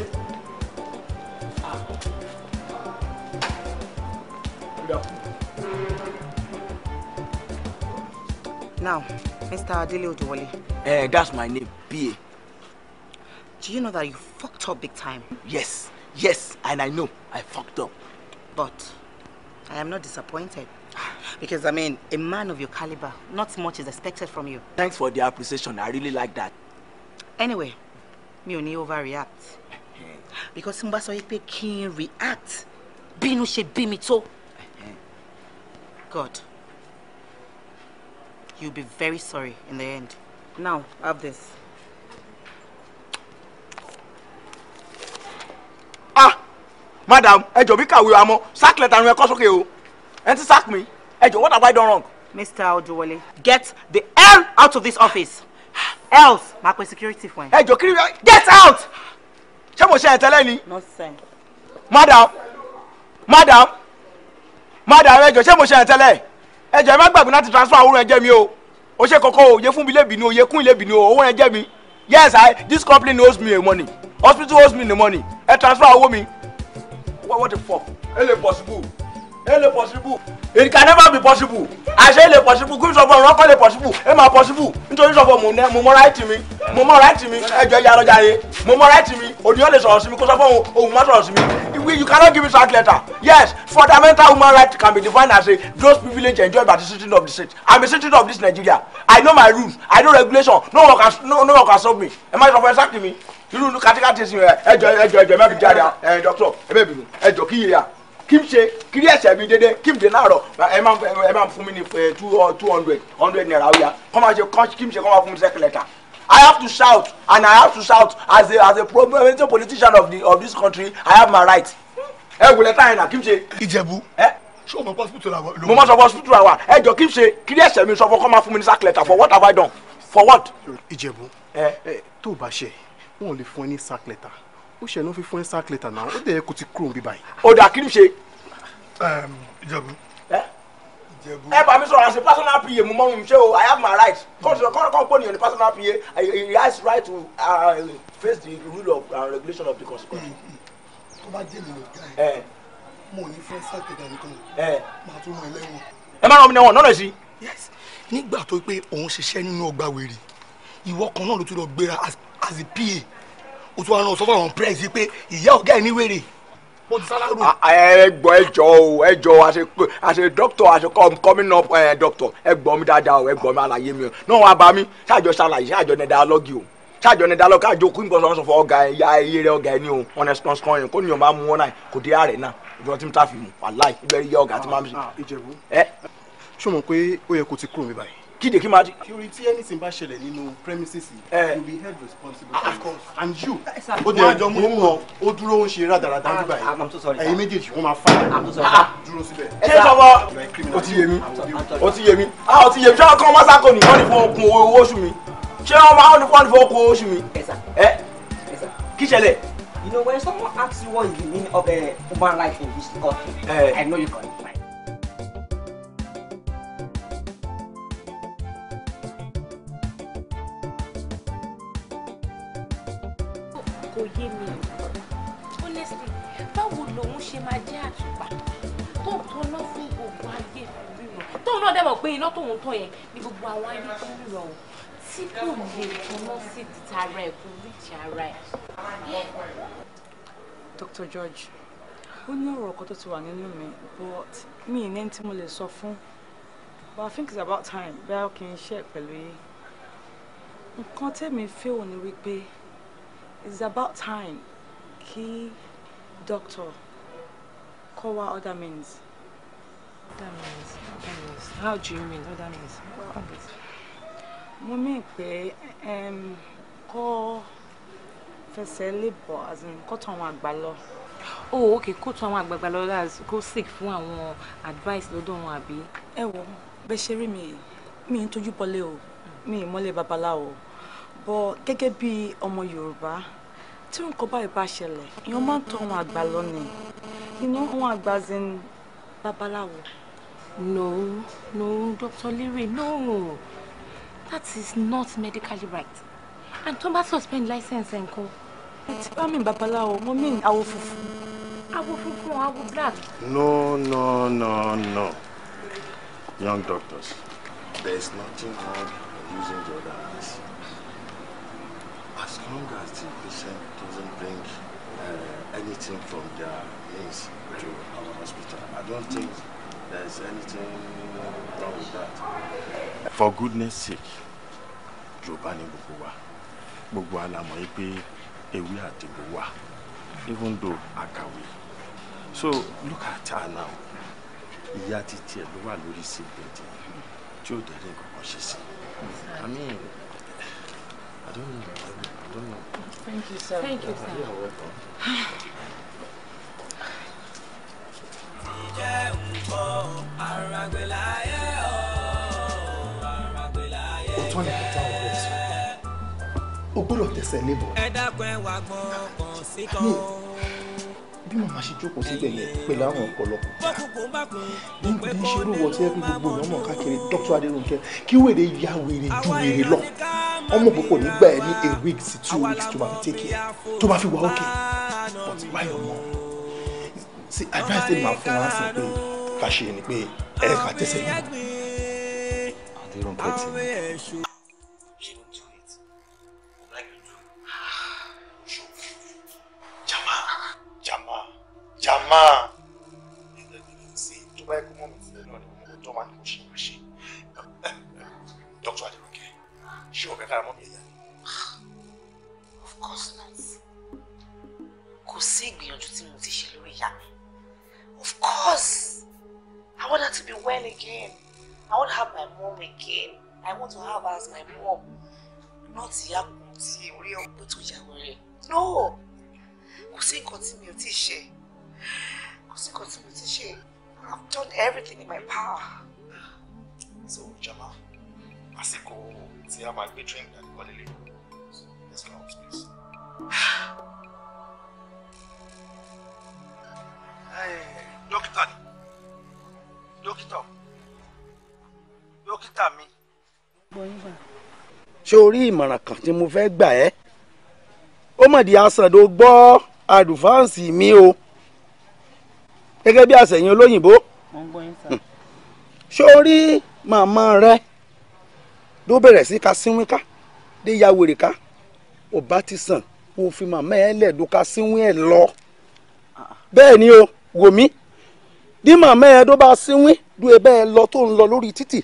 Now, Mr. Adele Odewale. Uh, eh, that's my name, BA. Do you know that you fucked up big time? Yes, yes, and I know I fucked up. But I am not disappointed. Because, I mean, a man of your caliber, not much is expected from you. Thanks for the appreciation. I really like that anyway mi ò ní overreact because mo bá sọ pé kí react Binu ṣe bí mi tó God you'll be very sorry in the end now have this. ah madam ẹ jọ̀ọ́ bí kàwé àmọ́ sack letter rẹ kọ́ sókè o ẹ ti sack mi ẹ jọ̀ọ́ what have I done wrong. Mr. Ojuwole get the hell out of this office else máa pe security fún ẹ. ẹ jọ kiri get out ṣé mo ṣe ẹ tẹ́lẹ̀ No nonsense. madam madam madam ẹ jọ ṣé mo ṣe ẹ tẹ́lẹ̀ ẹ jọ ẹ má gbàgbé láti transfer owó rẹ jẹ mi o o ṣe kókó o yẹ fún mi lébìnú o yẹ kún ìlébìnú o owó rẹ jẹ mi yes i this company owes me a money hospital owes me the money ẹ transfer owó mi what, the fuck ẹ lè possible ẹ possible. it can never be possible. àṣẹ lè possible kí n sọ fún ọ̀rọ̀ ọkọ lè possible ẹ máa possible nítorí sọ fún mo mọ ráìtì mi mo mọ ráìtì mi ẹjọ ìyá lọ́jà yẹn mo mọ ráìtì mi òdìyàn lè sọ̀rọ̀ sí mi kó sọ fún òun òun má sọ̀rọ̀ mi you cannot give me short letter yes fundamental human right can be defined as a those privilege enjoyed by the citizen of the state i'm a citizen of this nigeria i know my rules i know regulation no one can no, no one can stop me ẹ má sọ fún ẹ sáàkì mi irú katikati sin ẹ ẹjọ ẹjọ ẹjọ ẹ má fi jáde ẹ dọkítọ ẹ bẹ bínú ẹjọ kí yìí yà kí n ṣe kiri ẹsẹ̀ mi dédé kí n dé láàárọ̀ ẹ máa ẹ máa fún mi ní uh, two hundred hundred naira ó yá kọ́ máa ṣe kí n ṣe kọ́ máa fún mi sẹ́kẹ̀lẹ̀ta I have to shout and I have to shout as a as a prominent politician of the of this country I have my right. ẹ wulẹ̀ táyà náà kí n ṣe. Ìjẹ̀bú ṣé o mọ hospital la wa. mo mọ sọ hospital la wa ẹ jọ kí n ṣe kiri ẹsẹ̀ mi sọ fún kọ́ máa fún mi ní sẹ́kẹ̀lẹ̀ta for what have I done for what. Ìjẹ̀bú tó o bá ṣe wọn ò lè fún ẹ ní sẹ́kẹ̀lẹ̀ta ó ṣẹ̀ ní ó fi fún ẹ sack letter náà ó dẹ̀ ẹ kò ti kúrò níbí báyìí. ọ̀dà kí ni ṣe. ìjẹ̀bú. ìjẹ̀bú. ẹ bá mi sọ̀rọ̀ as a personal pa mo mọ́ mi ṣe o i have my right kọ́ńtò pọ̀ nìyẹn ni personal pa he has right to uh, face the rule of and uh, regulation of the constitution. Mm, mm. tó bá jẹ́ mi ló ga ẹ̀ mo ní fún sack letter nìkan máa tún mọ ẹlẹ́wọ̀n. ẹ má ràn mí lẹ́wọ̀n náà lọ sí. nígbà tó pé òun ṣiṣẹ́ nínú ọgbà wèrè ìwọ kan náà ló tún lọ gbéra as a pa o tún wá rán o sọ fún àwọn pírẹ́sì pé ìyá ọ̀gá ẹ̀ ní wèrè mo ti sálárù. ẹ gbọ́ o ẹ o àṣẹ dókítọ̀ àṣẹ coming up ẹ eh, dókítọ̀ ẹ gbọ́ mi dáadáa o ẹ gbọ́ mi àlàyé mi o náà wàá bá mi ṣáàjọ ṣàlàyé ṣáàjọ ní dialogue o ṣáàjọ ní dialogue káàjọ kú nǹkan sọ̀rọ̀ fún ọ̀gá ẹ̀yà ẹ̀yẹ rẹ̀ ọ̀gá ẹ̀ ní o ọ̀nà ṣọ̀nṣọ̀n yẹn kó nìyọ̀ máa mú wọn náà kò dé ààrẹ náà ìjọba tí mo ta fi mú wàláì ìbẹ̀rẹ̀ yẹ ọ̀gá tí máa ń ṣe. Ah, eh? ṣé o mọ̀ pé ó yẹ kó ti kúrò mi báyìí kíde kí máa di. security anything bá ṣẹlẹ̀ nínú premises eh. you be held responsible. Ah, of course and you o de ẹjọ mo ń wọ o dúró ń ṣe rádaràda ah, nígbà yìí ẹyin méjèèjì wọn máa fà á ah, dúró síbẹ̀. ṣé sọ́wọ́ o ti yé mi o ti yé mi a o ti yé mi ṣé wọn kàn mọ́sákò ní wọ́n ní fún okun owó oṣù mi ṣé wọn máa ní fún okun owó oṣù mi. ẹ eh? kí ṣẹlẹ̀. You know when someone asks you what is the meaning of a eh, human life in this country, uh, I know you can reply. yé mi honestly báwo lòun ṣe máa jẹ́ àtùpà tó tọ́ná fún gbogbo ayé rírọ̀ tóun náà dẹ̀mọ̀ pé iná tóun tán yẹn ni gbogbo àwọn ayé tó ń rọ̀ tí kò lè tọ́ná sí tara ẹ̀ kò rí ti ara ẹ̀. Dr. George ó ní ọ̀rọ̀ kan tó ti wà nínú mi but mi ì ní tí mo lè sọ fún but I think it's about time bẹ́ẹ̀ kí n ṣe pẹ̀lú yìí nǹkan tẹ́mi fẹ́ òní wípé it's about time Key doctor kọ́ wa other means. other means other means how do you mean other means. mo mí pé kọ́ fẹsẹ̀ labour as in oh okay, kó tán àwọn àgbààgbà lọ as seek fún àwọn advice lọ́dọ̀ wọn àbí. ẹ wo bẹ́ẹ̀ ṣe rí mi mi ń tójú bọ́lé o mi ì mọ́lẹ̀ babaláwo bọ́ gẹ́gẹ́ bí ọmọ yorùbá tí nǹkan báyìí bá ṣẹlẹ̀ èèyàn máa ń tọ àwọn àgbà lọ́nà inú àwọn àgbà ṣe ń babaláwo. no no Doctor Lere no that is not medically right and tó bá suspend license ẹ̀ ńkọ́. ti bá mi babaláwo mo mi àwọ̀ funfun. àwọ̀ funfun àwọ̀ black. no no no no young doctors there is nothing wrong with using the other medicine as long as the patient doesn't bring uh, anything from their means to our hospital, I don't think there's anything wrong with that. For goodness sake, Yorùbá ni gbogbo wa. Gbogbo alamọ̀ yìí pé even though akàwé. So look at her now. Yati ti tiẹ̀ ló wà lórí síbẹ̀dì tí ó dẹ̀ I mean. I don't know. I don't know. Thank you, sir. Thank you, sir. You're welcome. Ìjẹ́ ń kẹta ọ̀rẹ́ sọ. O gbọ́dọ̀ níbọ̀. Ẹ dákun ẹ wá gbọ́n kan bí màmá ṣe jókòó síbẹ̀ yẹn pẹ̀lú àwọn ọ̀pọ̀lọpọ̀ já nígbà tí ń ṣerú wọ sí ẹbí gbogbo èèyàn mọ̀ káàkiri dókítà adéròǹkẹ́ kí wèrè ya wèrè ju wèrè lọ ọmọ òpópó nígbà ẹ ní a week sí two weeks tó máa fi take care tó máa fi wà okay but why ọmọ sí advice tèmi máa fún wa sí pé ká ṣe ni pé ẹ kà tẹsẹ̀ yẹn. adéròǹkẹ́ ti ní. jàmá tó bá kó mọ̀ mi sílẹ̀ náà ni mo tọ́ máa ní mo ṣe mo ṣe dókítà ṣé o kára mọ́ mi ẹ̀yà ni. of course not kò sí ìgbìyànjú tí mo ti ṣe lórí ìyá mi of course I want her to be well again I want to have my mom again I want to have her as my mom not ìyá kùn tí orí ọ̀pẹ tó yà wẹ̀rẹ̀ no kò sí nǹkan tí mi ò ti ṣe kò sí nǹkan tí mo I've done everything in my power. so jama I tí a See, gbé train gbàdé wọlé lè let's go out please. dókítà ni dókítà dókítà mi. ṣé o rí ìmọ̀ràn kan tí mo fẹ́ gbà ẹ́ ó mọ̀ di asàn tó gbọ́ àdùfáànsì mi o gẹ́gẹ́ bí àṣẹyìn olóyìnbó sórí hmm. màmá rẹ ló bẹ̀rẹ̀ sí ka sínwín ká dé ya wèrè ká ò bá ti sàn kó o fi màmá ẹ lẹ̀dùn ka sínwín ẹ lọ bẹ́ẹ̀ ni o wò mí bí màmá ẹ tó bá sínwín dú ẹ bẹ́ẹ̀ lọ tó ń lọ lórí títì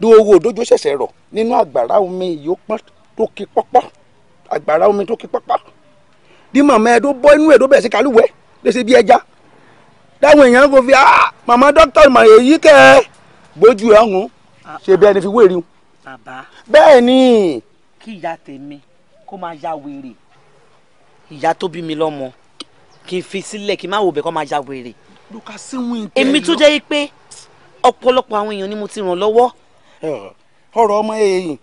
dú owó òdójó ṣẹ̀ṣẹ̀ rọ̀ nínú àgbàrá omi ìyópọ́n tó ki pọ́pọ́ àgbàrá omi tó ki pọ́pọ́ bí màmá ẹ tó bọ́ inú ẹ tó bẹ̀rẹ̀ sí kálùwẹ̀ lè ṣe bí ẹja táwọn èèyàn kò fi ah màmá dókítà mà èyí kẹ ẹ gbójú ẹ ọhún ṣe bí ẹni fi wéèrè o. bàbá bẹ́ẹ̀ ni. kí ìyá tèmi kó máa ya wèrè ìyá tó bí mi lọ́mọ kí n fi sílẹ̀ kí n má wò bẹ́ẹ̀ kó máa ya wèrè. lóka síwìn tẹ́lẹ̀ èmi tó jẹ́ pé ọ̀pọ̀lọpọ̀ àwọn èèyàn ni mo ti ràn lọ́wọ́. ọ̀rọ̀ ọmọ èèyàn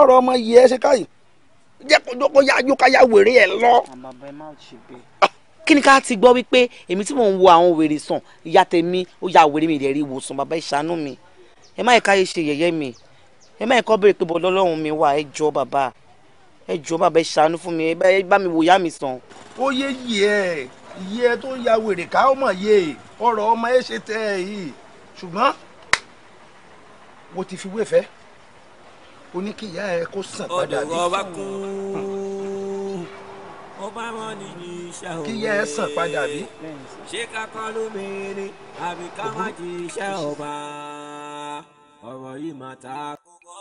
ọ̀rọ̀ ọmọ yìí ẹ ṣe káyìí jẹ́ kó yá wèrè ẹ lọ. àmàbẹ́ má ṣe bẹ́ẹ̀ kí ni ká ti gbọ́ wípé èmi tí mò ń wo àwọn wèrè sàn ìyá tèmi ó ya wèrè mi rẹ̀ rí ìwòsàn bàbá ìṣàánú mi ẹ má yẹ ká yẹ ṣe yẹ̀yẹ́ mi ẹ má yẹ kọ́ béèrè pé bọ́ lọ́lọ́run mi wà ẹ jọ bàbá ẹ jọ bàbá ìṣàánú fún mi ẹ bá mi wò ìyá mi sàn. ó yé yìí ẹ iye tó ya wèrè ká ó mọ̀ yé ọ̀rọ̀ ọmọ ẹ ṣe tẹ ẹ yìí ṣùgbọ́n mo ti fi wéfẹ́ oníkìyà ẹ kó sàn padà bí fún ó bá wọn nìyí iṣẹ́ òwe. kíyẹ ẹ sàn padà bí. ṣé kakọ́ ló mèrè àbí ká má jí iṣẹ́ ọba ọ̀rọ̀ yìí mà ta kókó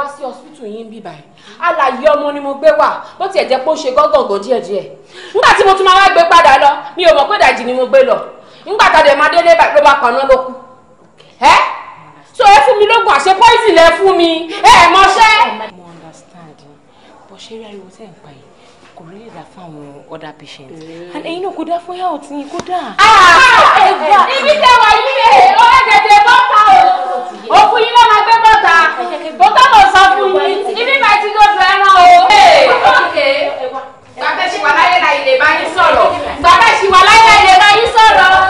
wá sí hospital yín bí báyìí alàyè ọmọ ni mo gbé wá bó tiẹ̀ jẹ́ pé ó ṣe gọ́gọ̀gọ́ díẹ̀díẹ̀ nígbà tí mo tún máa wá gbé padà lọ mi ò mọ̀ pé ìdajì ni mo gbé lọ nígbà tá a dẹ̀ máa délé ló bá paná ló kú ẹ́ so ẹ fún mi lóògùn àṣẹ poison lẹ fún mi ẹ ẹ mọṣẹ́. mo understand bó ṣe rí ariwo tẹ́ ń pa yìí kò rí ìdá fún àwọn other patients eh. and ẹ̀yin náà kò dá fún yàwó tí yín kò dá. Ah! ibi tẹ wà yìí ọ̀rẹ́ bọ́ pa o bọ́tà bọ́tà lọ sọ fún yín ibi máa ti lọ sọ ẹran o. gbàgbé ṣì wà láyé bá yín sọ̀rọ̀ gbàgbé ṣì wà láyé bá yín sọ̀rọ̀.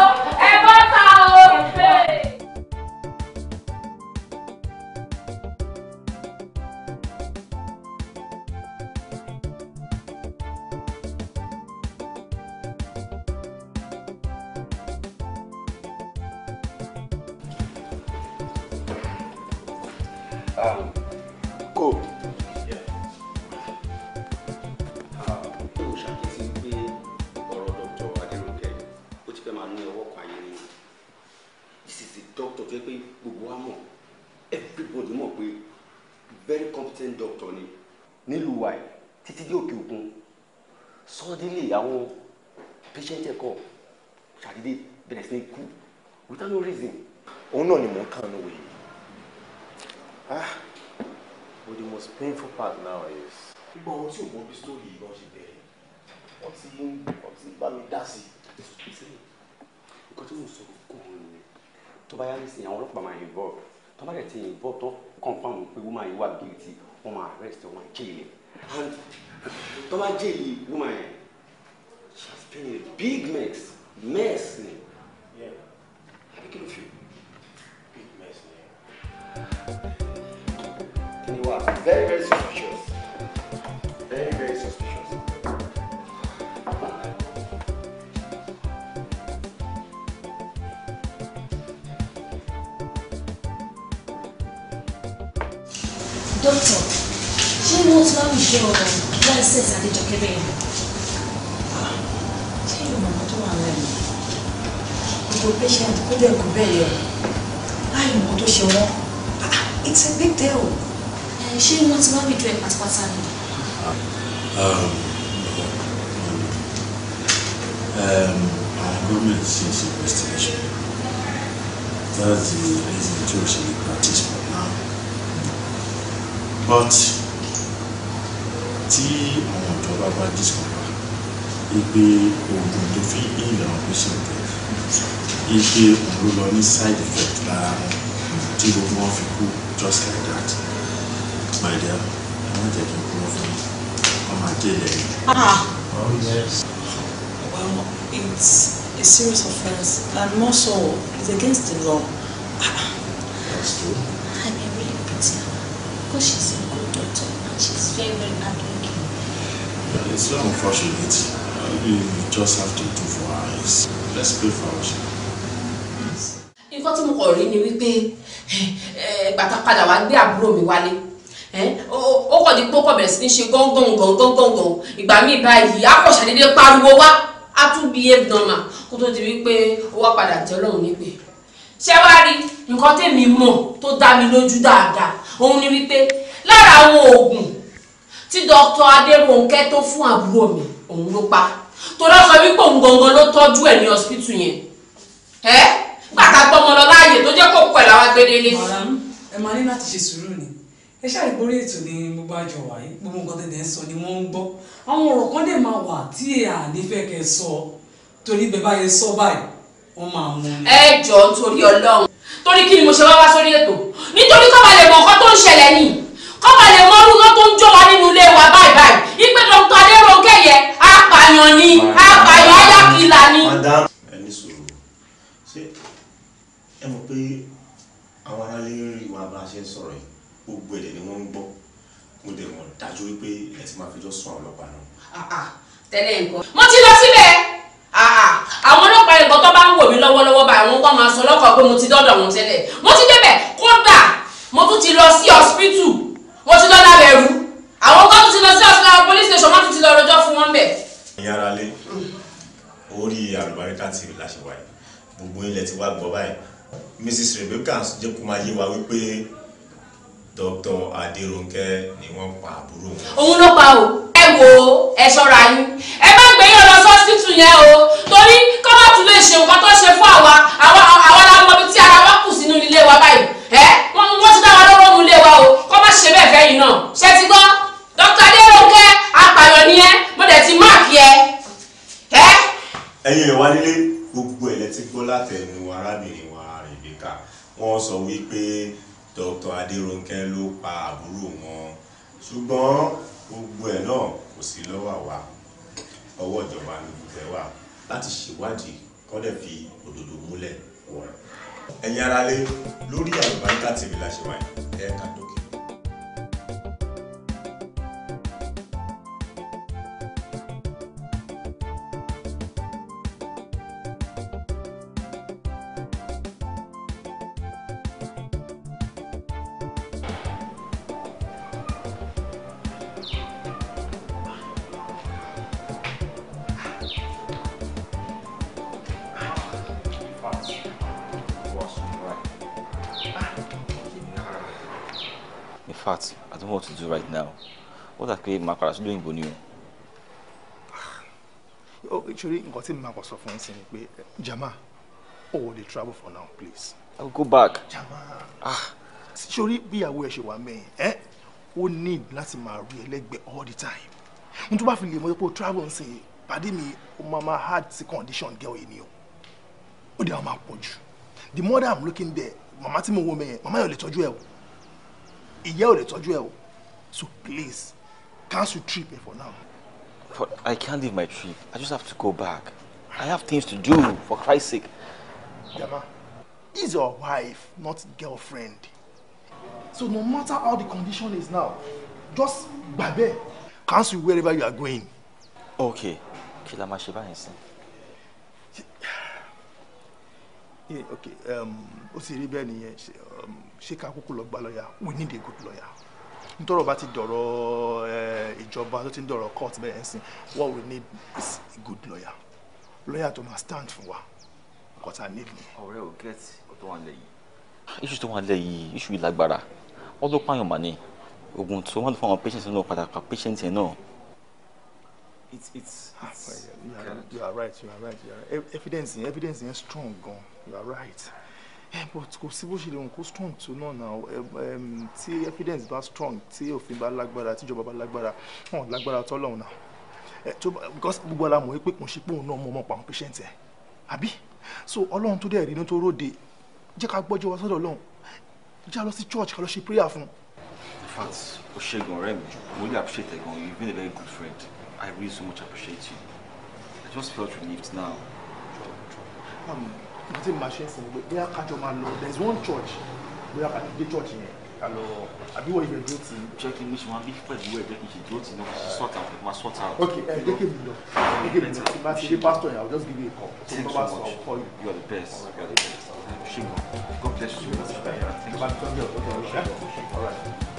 government says investigation. That's the reason to actually practice for now. But tí àwọn ìjọba bá discover ipe oògùn tó fi heal àwọn patient ipe òun ló lọ ní side effect lára wọn tí gbogbo wọn fi kú just like that my dear ẹ má jẹ́ kí n kúrò fún mi ọmọ àjẹlẹ̀ yìí. Wow, it's a serious offense, and more so, it's against the law. That's ah, true. I mean, really pity her because she's a good daughter and she's very, very hardworking. Well, it's very unfortunate. Uh, we just have to do for her. Let's pray for her. Nǹkan tí mo kọ̀ rí ni wípé eh, eh, bàtà padà wá gbé àbúrò mi wálé eh, ó kọ̀ ní pé ó kọ̀ bẹ̀rẹ̀ sí ní ṣe gángan gángan gángan ìgbà míì báyìí á kọ̀ pariwo wá A tún behave normal kó tó di wípé ó wá padà jẹ́ ọlọ́run nípè ṣé wá rí nǹkan tèmi mọ̀ tó dá mi lójú dáadáa òun ni wípé lára àwọn oògùn tí dr adérónkẹ́ tó fún àbúrò mi òun ló pa torí ọsọ wípé òun gangan ló tọ́jú ẹ̀ ní hospital yẹn ẹ́ gbàtà gbọ́mọ lọ láàyè tó jẹ́ kó pẹ̀lú àwọn agbẹ́dẹ́lé. ẹ máa ní láti ṣe sùúrù ẹ ṣáà ìgbórí ètò ni gbogbo àjọ wà yìí gbogbo nǹkan tẹ̀lé ń sọ ni wọ́n ń gbọ́ àwọn ọ̀rọ̀ kan dẹ̀ máa wà tí ẹ à nífẹ̀ẹ́ kẹ́ sọ torí bẹ́ẹ̀ bá yẹ sọ báyìí wọ́n máa mú un. ẹ jọ torí Ọlọ́run torí kí ni mo ṣe wá wá sórí ètò nítorí kọ́ bá lè mọ ọkọ tó ń ṣẹlẹ̀ ni kọ́ bá lè mọ orúkọ tó ń jó wa nínú ilé wa báyìí báyìí ìpè dọ́kítà Adéròǹkè yẹ apààyàn ni apààyàn ayákìlá ni. ẹ ní sùúrù ṣé ẹ mọ̀ pé àwọn aráalé rí wa bá ṣe sọ̀rọ̀ yìí gbogbo ẹ̀dẹ̀ ni wọ́n ń gbọ́ mo dẹ̀ mọ̀ dájú wípé ẹ ti máa fẹjọ́ sùn àwọn ọlọ́pàá náà. Ah, ah, tẹ́lẹ̀ nǹkan mo ti lọ síbẹ̀ ah, àwọn ọlọ́pàá ẹ̀gbọ́n tó bá ń wò mí lọ́wọ́lọ́wọ́ bá àwọn kan máa sọ lọ́kàn pé mo ti dọ́dọ̀ wọn tẹ́lẹ̀ mo ti débẹ̀ kódà mo tún ti lọ sí ọ̀sìpìtù mo ti lọ lábẹ́rú àwọn kan tún ti lọ sí ọ̀sìpìtù police station wọ́n tún ti lọ rọjọ́ fún wọn bẹ̀. ẹ̀yin lé orí àlùbáríkà tí la ṣe wáyé gbogbo ilẹ̀ ti wá gbọ́ báyìí Mrs Rebecca jẹ́ máa yé wa wípé dr adérónkẹ́ ni wọ́n pa àbúrò wọn. òun ló pa o ẹ wo ẹ ṣọ́ra yín ẹ má gbé yín lọ sọ́sítù yẹn o Adérónkẹ́ ló pa àbúrò wọn ṣùgbọ́n gbogbo ẹ̀ náà kò sí lọ́wọ́ àwa ọwọ́ ìjọba ní gbogbo ẹ̀ láti ṣèwádìí kọ́ fi òdodo múlẹ̀ wọ̀ ẹ̀yin aráalé lórí Àlùbáríkà TV la ṣe wáyé ẹ̀ka dókè. do right now what are pé Makaras, doing, sí lóyìnbó ni o. ṣorí nǹkan tí mi máa kọ sọ jama oh, ò lè travel for now please. I'll go back. jama ah ṣorí be aware, she ṣe me. Eh, we ó need láti máa rí ẹlẹ́gbẹ̀ẹ́ all the time n tó bá fi lè mọ pé o travel ń sìn pàdé mi o máa ma condition girl in you. Oh, ó dẹ̀ wọ́n máa the mother i'm looking there Mama, tí mo wo mẹ́yẹn màmá yẹn ò lè tọ́jú ẹ o ìyá ò So please, cancel trip here for now. But I can't leave my trip. I just have to go back. I have things to do, for Christ's sake. Jama, is your wife, not girlfriend. So no matter how the condition is now, just babe, cancel wherever you are going. Okay. Kí la máa Okay, um, um we need a good lawyer nítorọ̀ bá ti dọ̀rọ̀ eh, ìjọba tó ti ń dọ̀rọ̀ court bẹ́ẹ̀ ẹ̀ sìn what we need is a good lawyer lawyer tó máa stand fún wa nǹkan tá a need ni. ọ̀rẹ́ ò get ọ̀tọ̀ wà lẹ́yìn. iṣu tó wà lẹ́yìn iṣu yìí lágbára wọ́n ló pààyàn mà ní oògùn tó wọ́n lò fún àwọn patients náà padà pa patient yẹn náà. it's it's. Ah, it's you, are, you are right you are right you are right evidence yẹn evidence yẹn strong gan you are right ẹ eh, but kò sí bó ṣe lè wọn kó strong tó náà náà tí evidence bá strong tí òfin bá lágbára tíjọba bá lágbára hàn lágbára tọ́lọ́hún náà eh, tó because gbogbo ara mọ̀ pé kò ṣe pé òun náà mọ ọmọ pa àwọn patient ẹ̀ àbí so ọlọ́run tó dẹ̀ rí ní tó ròde jẹ́ ká gbọ́jọ́ wá sọ́dọ̀ ọlọ́run jẹ́ ká lọ sí church ká lọ ṣe prayer fún un. in fact o ṣe gan ọ̀rẹ́ mi mo really appreciate ẹ gan you been a very good friend i really so much appreciate you i just felt relieved now. Um, ní tí màá ṣe ń sìn pé bóyá kájọ máa lọ there is one church bóyá ká dé church yẹn ká lọ àbí ibẹ̀ dúró tì í. jẹ́ kí n ṣe máa bí pẹ̀lú ẹ̀ jẹ́ kí n ṣe dúró tì í náà ṣe sort out máa sort ok ẹ jẹ́ kí mi lọ jẹ́ kí mi lọ bá ti rí pastor yẹn i will just give you a call tí you. you are the best you are the best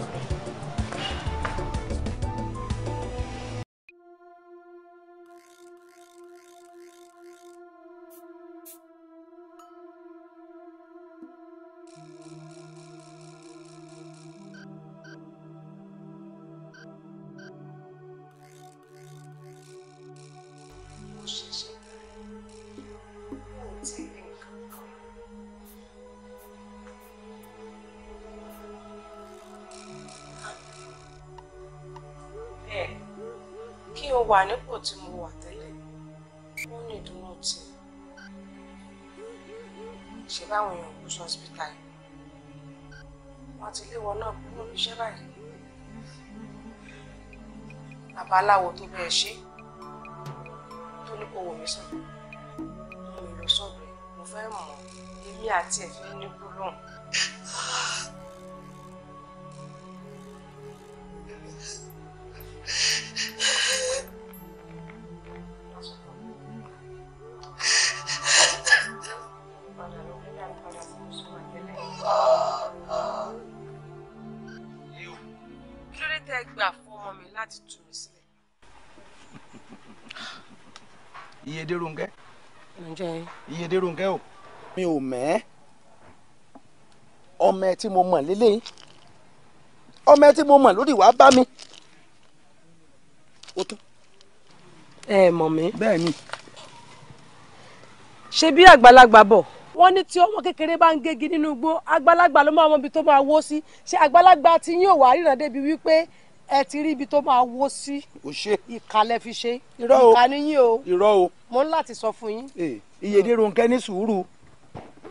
wà nípò tí mo wà tẹ́lẹ̀ ó ní ìdùnnú tiẹ̀ ṣe báwọn èèyàn kú sọ́sìpítà yìí wọ́n ti léwọ́ náà kúrò níṣẹ́ báyìí bàbá aláwo tó bẹ́ẹ̀ ṣe tó ní kó wò mí sàn mo lọ sọ́dọ̀ ẹ̀ mo fẹ́ mọ̀ èmi àti ẹ̀fín ní gbólóhùn. Iyede Ronke. ǹjẹ́. Iyede Ronke o. mi ò mẹ́ ọmọ ẹ tí mo mọ̀ lélẹ́yìn ọmọ ẹ tí mo mọ̀ lórí wàá bá mi. o tó. ẹ mọ̀ mí. bẹ́ẹ̀ ni. ṣé bí àgbàlagbà bọ̀ wọ́n ní tí ọmọ kékeré bá ń gégi nínú igbó àgbàlagbà ló máa mọ ibi tó máa wó sí ṣé àgbàlagbà tí yín ò wá ríran débi wípé ẹ ti rí ibi tó máa wó sí. o ṣe ìkàlẹ̀ fi ṣe. o ìkànnì yín o. irọ́ o. mo ń láti sọ fún yín. ìyèdè eh, Rónkẹ́ ní sùúrù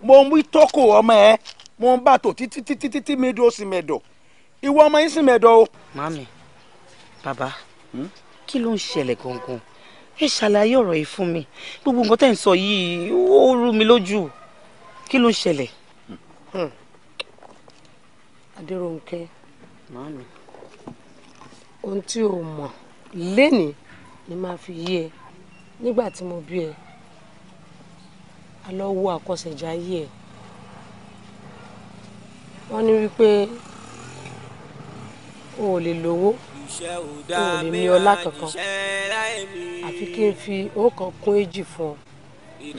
mo ń wí tókò ọmọ ẹ mo ń bá tò títí títí títí mi dó sí mẹ́dọ̀ ìwọ ọmọ yín sì mẹ́dọ̀ o. màmí bàbá hmm? kí ló ń ṣẹlẹ̀ gangan ẹ ṣàlàyé ọ̀rọ̀ yìí fún mi gbogbo nǹkan tẹ̀ ń sọ yìí ó rú mi lójú kí ló ń ṣẹlẹ̀. Hmm. Hmm. Adérónkẹ́ màmí ohun tí o mọ̀ lénìí ni máa fi yé ẹ nígbà tí mo bí ẹ a lọ wo àkọsẹ̀já yé ẹ wọ́n ní wípé o ò lè lówó o ò lè ní ọlá kankan àfi kí n fi ọ̀kan kún èjì fún ọ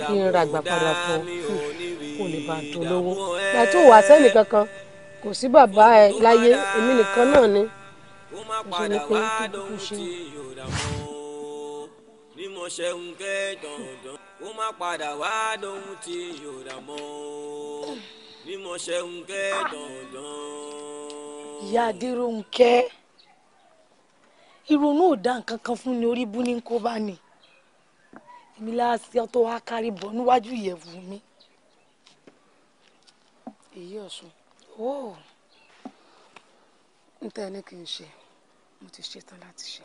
kí n ra àgbà padà fún ọ kò lè bá a tó lówó gbà tó wà sẹ́nì kankan kò sí bàbá ẹ láyé èmi nìkan náà ni kó má padà wá lóhun tí yóò dà mọ́ ni mo ṣe ń ké dandan kó má padà wá lóhun tí yóò mọ́ ni mo ṣe ń ké dandan. ìyá adíròǹkẹ́ ìrònú ò dá nǹkan kan fún ni orí bú ní kó bá ní èmi láàṣì ọtọ wa kárí bọ níwájú ìyẹ̀wù mi èyí ọ̀sùn ó ntẹ̀ ní kí ṣe mo ti ṣetán láti ṣe.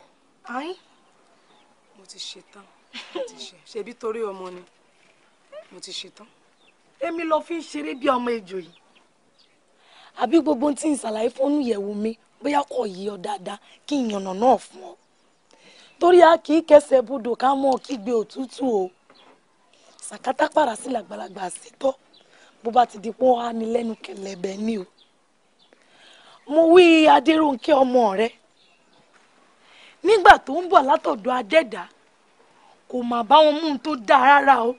ayi. mo ti ṣetán láti ṣe ṣebí torí ọmọ ni mo ti ṣetán. èmi lọ fi ń ṣeré bí ọmọ ejò yìí àbí gbogbo tí ń ṣàlàyé fóònù yẹ̀wò mi bóyá kò yí ọ dáadáa kí n yànnà náà fún ọ torí a kì í kẹsẹ̀ budò ká mọ́ ọ kígbe òtútù o sàkátà pàrà sí làgbàlagbà àṣetọ́ bó bá ti di pọ́n á ní lẹ́nu kẹlẹ̀bẹ̀ ni o mo wí adéròǹkẹ́ ọmọ rẹ nígbà tó ń bọ̀ látọ̀dọ̀ adẹ́dá kò mà bá wọn mú un tó dáa rárá o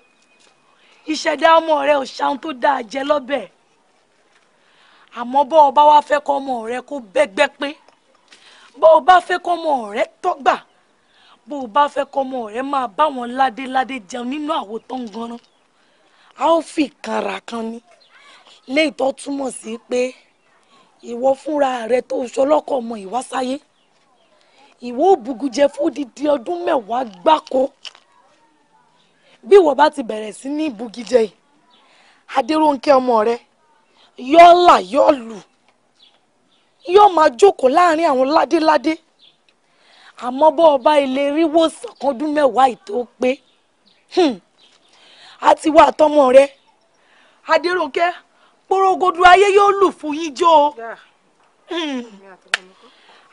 ìṣẹ̀dá ọmọ rẹ ò ṣàun tó dáa jẹ lọ́bẹ̀ àmọ́ bọ́ ọ bá wá fẹ́ kọ́ ọmọ rẹ kó bẹ́gbẹ́ pé bọ́ ọ bá fẹ́ kọ́ ọmọ rẹ tọ́gbà bó o bá fẹ́ kọ́ ọmọ rẹ máa bá wọn ládéládé jẹun nínú àwo tó ń ganran a ó fi kanra kan ni léyìí tó túmọ̀ sí pé ìwọ fúnra rẹ tó ṣọlọ́kọ̀ ọmọ ìwásáyé ìwọ òbúgun jẹ fún odidi ọdún mẹ́wàá gbáko bí ìwọ bá ti bẹ̀rẹ̀ sí ní ìbúgijẹ yìí adéròǹkẹ́ ọmọ rẹ yóò là yóò lù yóò máa jókòó láàrin àwọn ládéládé àmọ́ bọ́ ọba ilé ríwó sàkọ́dún mẹ́wàá ìtó pé hmm. a ti wá àtọmọ rẹ adéròǹkẹ́ porogodo ayé yóò lù fún yín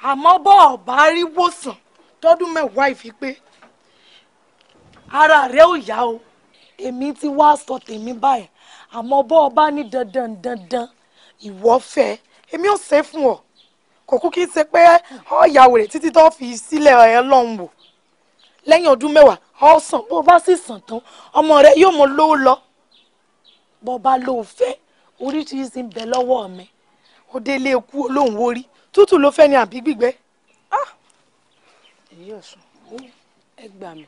àmọ́ bọ́ ọ̀bá rí wòsàn tọ́dún mẹ́wàá ìfi pé ara rẹ̀ ò yá o èmi ti wá sọ tèmi báyìí àmọ́ bọ́ ọba ní dandan dandan ìwọ fẹ́ èmi ò ṣe fún ọ kò kú kí n ṣe pé ọ̀yà wèrè títí tó fi sílẹ̀ ẹ̀ lọ́hùn wò lẹ́yìn ọdún mẹ́wàá ọ sàn bó bá sì sàn tán ọmọ rẹ yóò mọ lówó lọ bọ́ bá lóò fẹ́ oríṣiríṣi ń bẹ lọ́wọ́ mi ó délé ikú olóhùn wórí tútù ló fẹ́ ni àbí gbígbẹ. èyí ah! ọ̀sùn ẹ gbà mí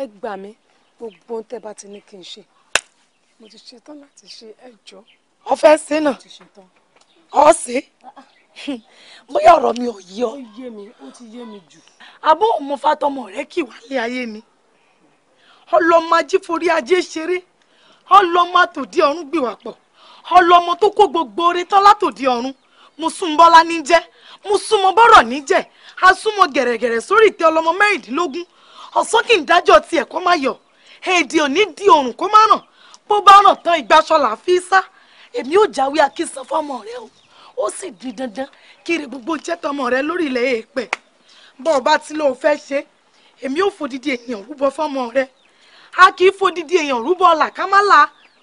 ẹ gbà mí gbogbo ohun tẹ́ bá ti ní kí n ṣe mo ti ṣetán láti ṣe ẹ jọ. ọfẹ sí náà ọ sí bóyá ọ̀rọ̀ mi ò yé ọ. ó yé mi ó ti yé mi jù. abó mo fatọmọ rẹ kì wá lé ayé ni ọlọmọ ajíforí ajé ṣeré ọlọmọ àtòdí ọ̀run gbìwà pọ̀ ọlọmọ tó kó gbogbo oore tán látòdí ọ̀run mo sún bọ́lá níjẹ́ mo súnmọ́ bọ́rọ̀ níjẹ́ a súnmọ́ gẹ̀rẹ́gẹ̀rẹ́ sórí ìtẹ́ ọlọ́mọ mẹ́rìndínlógún ọ̀sán kì í dájọ́ tiẹ̀ kó má yọ èdè ò di òrùn kó má ràn bó bá ràn tán ìgbàsọ̀là fi sá èmi ò jáwé akísan fọmọ rẹ o ó sì di dandan kiri gbogbo jẹ́ tọmọ rẹ lórí ilẹ̀ èèpẹ̀ bọ́ ọ bá ti lóò fẹ́ ṣe èmi ò fòdìdí èèyàn rúbọ fọmọ rẹ a kì í fòdìdí èèyàn rúbọ làkàmálà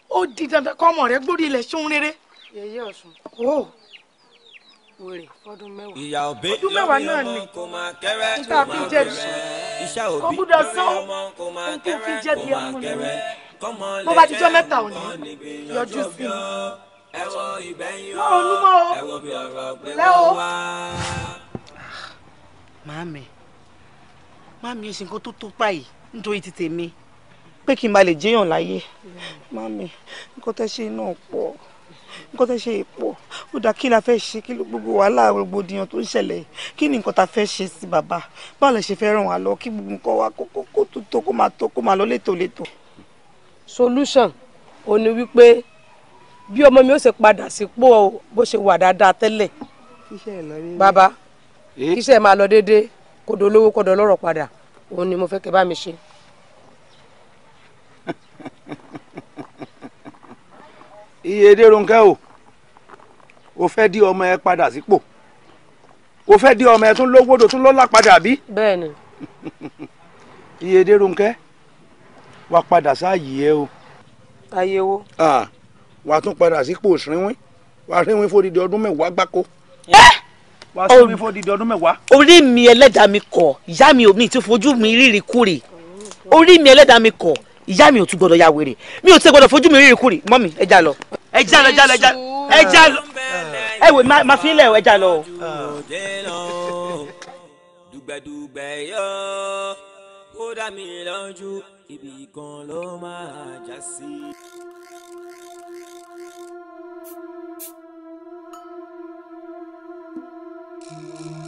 ó di dandan kọmọ rẹ gbórí ilẹ̀ ṣóun rere. yẹyẹ ọ̀sùn. Oh àpò rẹ̀ fọdún mẹ́wàá. ìyá òbí lómi ọmọ kò máa kẹ́rẹ́ kò máa kẹ́rẹ́ iṣẹ́ òbí lómi ọmọ kò máa kẹ́rẹ́ kò máa kẹ́rẹ́ kọ́mọ lè jẹ́ ọmọ níbi yọjú sí i. ẹ̀wọ̀ ìbẹ́yìn o ẹ̀wọ̀ bí ọ̀rọ̀ gbé wọ́n wá. màámi màámi ẹ ṣe nǹkan tó tó báyìí nítorí ti tèmi pé kí n bá lè jẹ́yàn láyé màámi nǹkan tẹ́ ṣe náà pọ̀ nǹkan tẹ́ ṣe pọ̀ ó dáa kí la fẹ́ ṣe kí gbogbo wàhálà rògbòdìyàn tó ń ṣẹlẹ̀ kí ni nǹkan ta fẹ́ ṣe sí bàbá báwo lẹ ṣe fẹ́ ràn wá lọ kí gbogbo nǹkan wa kó tó tó kó máa tó kó máa lọ létòlétò. solution ò ní wípé bí ọmọ mi ó ṣe padà sípò bó ṣe wà dáadáa tẹ́lẹ̀ bàbá eh? kíṣẹ́ máa lọ déédéé kó dolówó kó dọlọ́rọ̀ padà òun ni mo fẹ́ kẹ́ bá mi ṣe. iye Déròǹkẹ́ o o fẹ́ dí ọmọ ẹ padà sípò o fẹ́ dí ọmọ ẹ tún lówódò tún lọ́lá padà bí. bẹ́ẹ̀ni. iye Déròǹkẹ́ wá padà sáàyè ẹ o. àyẹ̀wò. wà á tún padà sípò sínwín wà á rínwín fódìdí ọdún mẹ́wàá gbáko. wà á sínwín fódìdí ọdún mẹ́wàá. orí mi ẹlẹ́dàá mi kọ̀ ìyá mi ò mi ti fojú mi rírì kúrì orí mi ẹlẹ́dàá mi kọ̀ ìyá mi ò tún gbọdọ̀ ya wèrè mi ò tún gbọdọ̀ fojú mi rí ìkúrì mọ́mì ẹ já lọ. ẹ já lọ ẹ já lọ ẹ lọ ẹ wò má fi ń lẹ̀ lọ. dùgbẹ̀dùgbẹ̀ yọ kó dá mi lọ́jú ibì kan ló máa já sí. thank you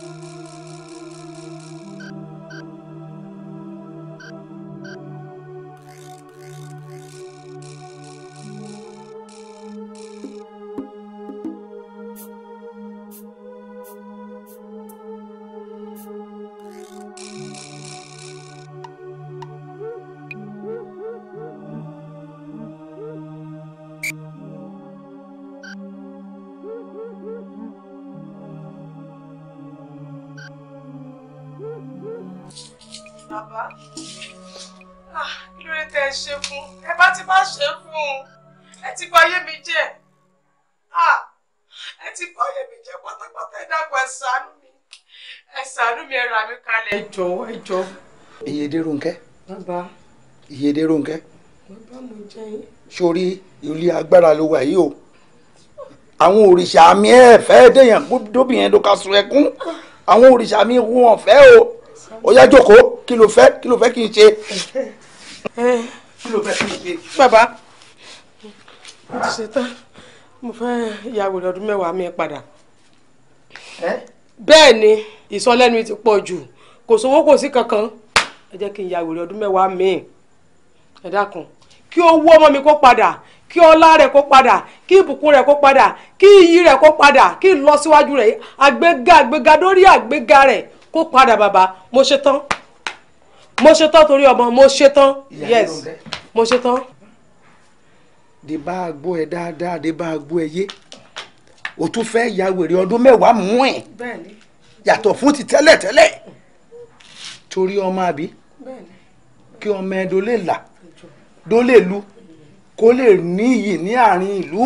ẹ jọ̀wọ́ ẹ jọ. ìyèdè Rónkẹ́. bàbá. ìyèdè Rónkẹ́. bàbá mo jẹ́ yín. sórí ilé agbára ló wà yìí o àwọn òrìṣà mi ẹ fẹ́ dẹ̀yàn dóbìyẹn ló ka sun ẹkún àwọn òrìṣà mi wọn fẹ́ o ó yá jókòó kí ló fẹ́ kí ló fẹ́ kí n ṣe. kí ló fẹ́ kí n ṣe. bàbá mo ti ṣe tán mo fẹ́ yàwó lọ́dún mẹ́wàá mi padà. bẹ́ẹ̀ ni ìsọlẹ́nu ti pọ̀ jù kò sówó kò sí kankan ẹ jẹ́ kí n ya wèrè ọdún mẹ́wàá míì ẹ dákun kí owó ọmọ mi kó padà kí ọlá rẹ̀ kó padà kí ìbùkún rẹ̀ kó padà kí iyì rẹ̀ kó padà kí ìlọsíwájú rẹ̀ àgbéga àgbéga lórí àgbéga rẹ̀ kó padà bàbá mo ṣetán mo ṣetán torí ọmọ mo ṣetán yes mo ṣetán. dè bá a gbọ́ ẹ dáadáa dè bá a gbọ́ ẹ yé o tún fẹ́ ya wèrè ọdún mẹ́wàá mú ẹ̀ yàtọ̀ fún ti tẹ́lẹ̀ tẹ́lẹ̀ torí ọmọ àbí kí ọmọ ẹdọ lè là dó lè lu kó lè ní iyì ní àárín ìlú.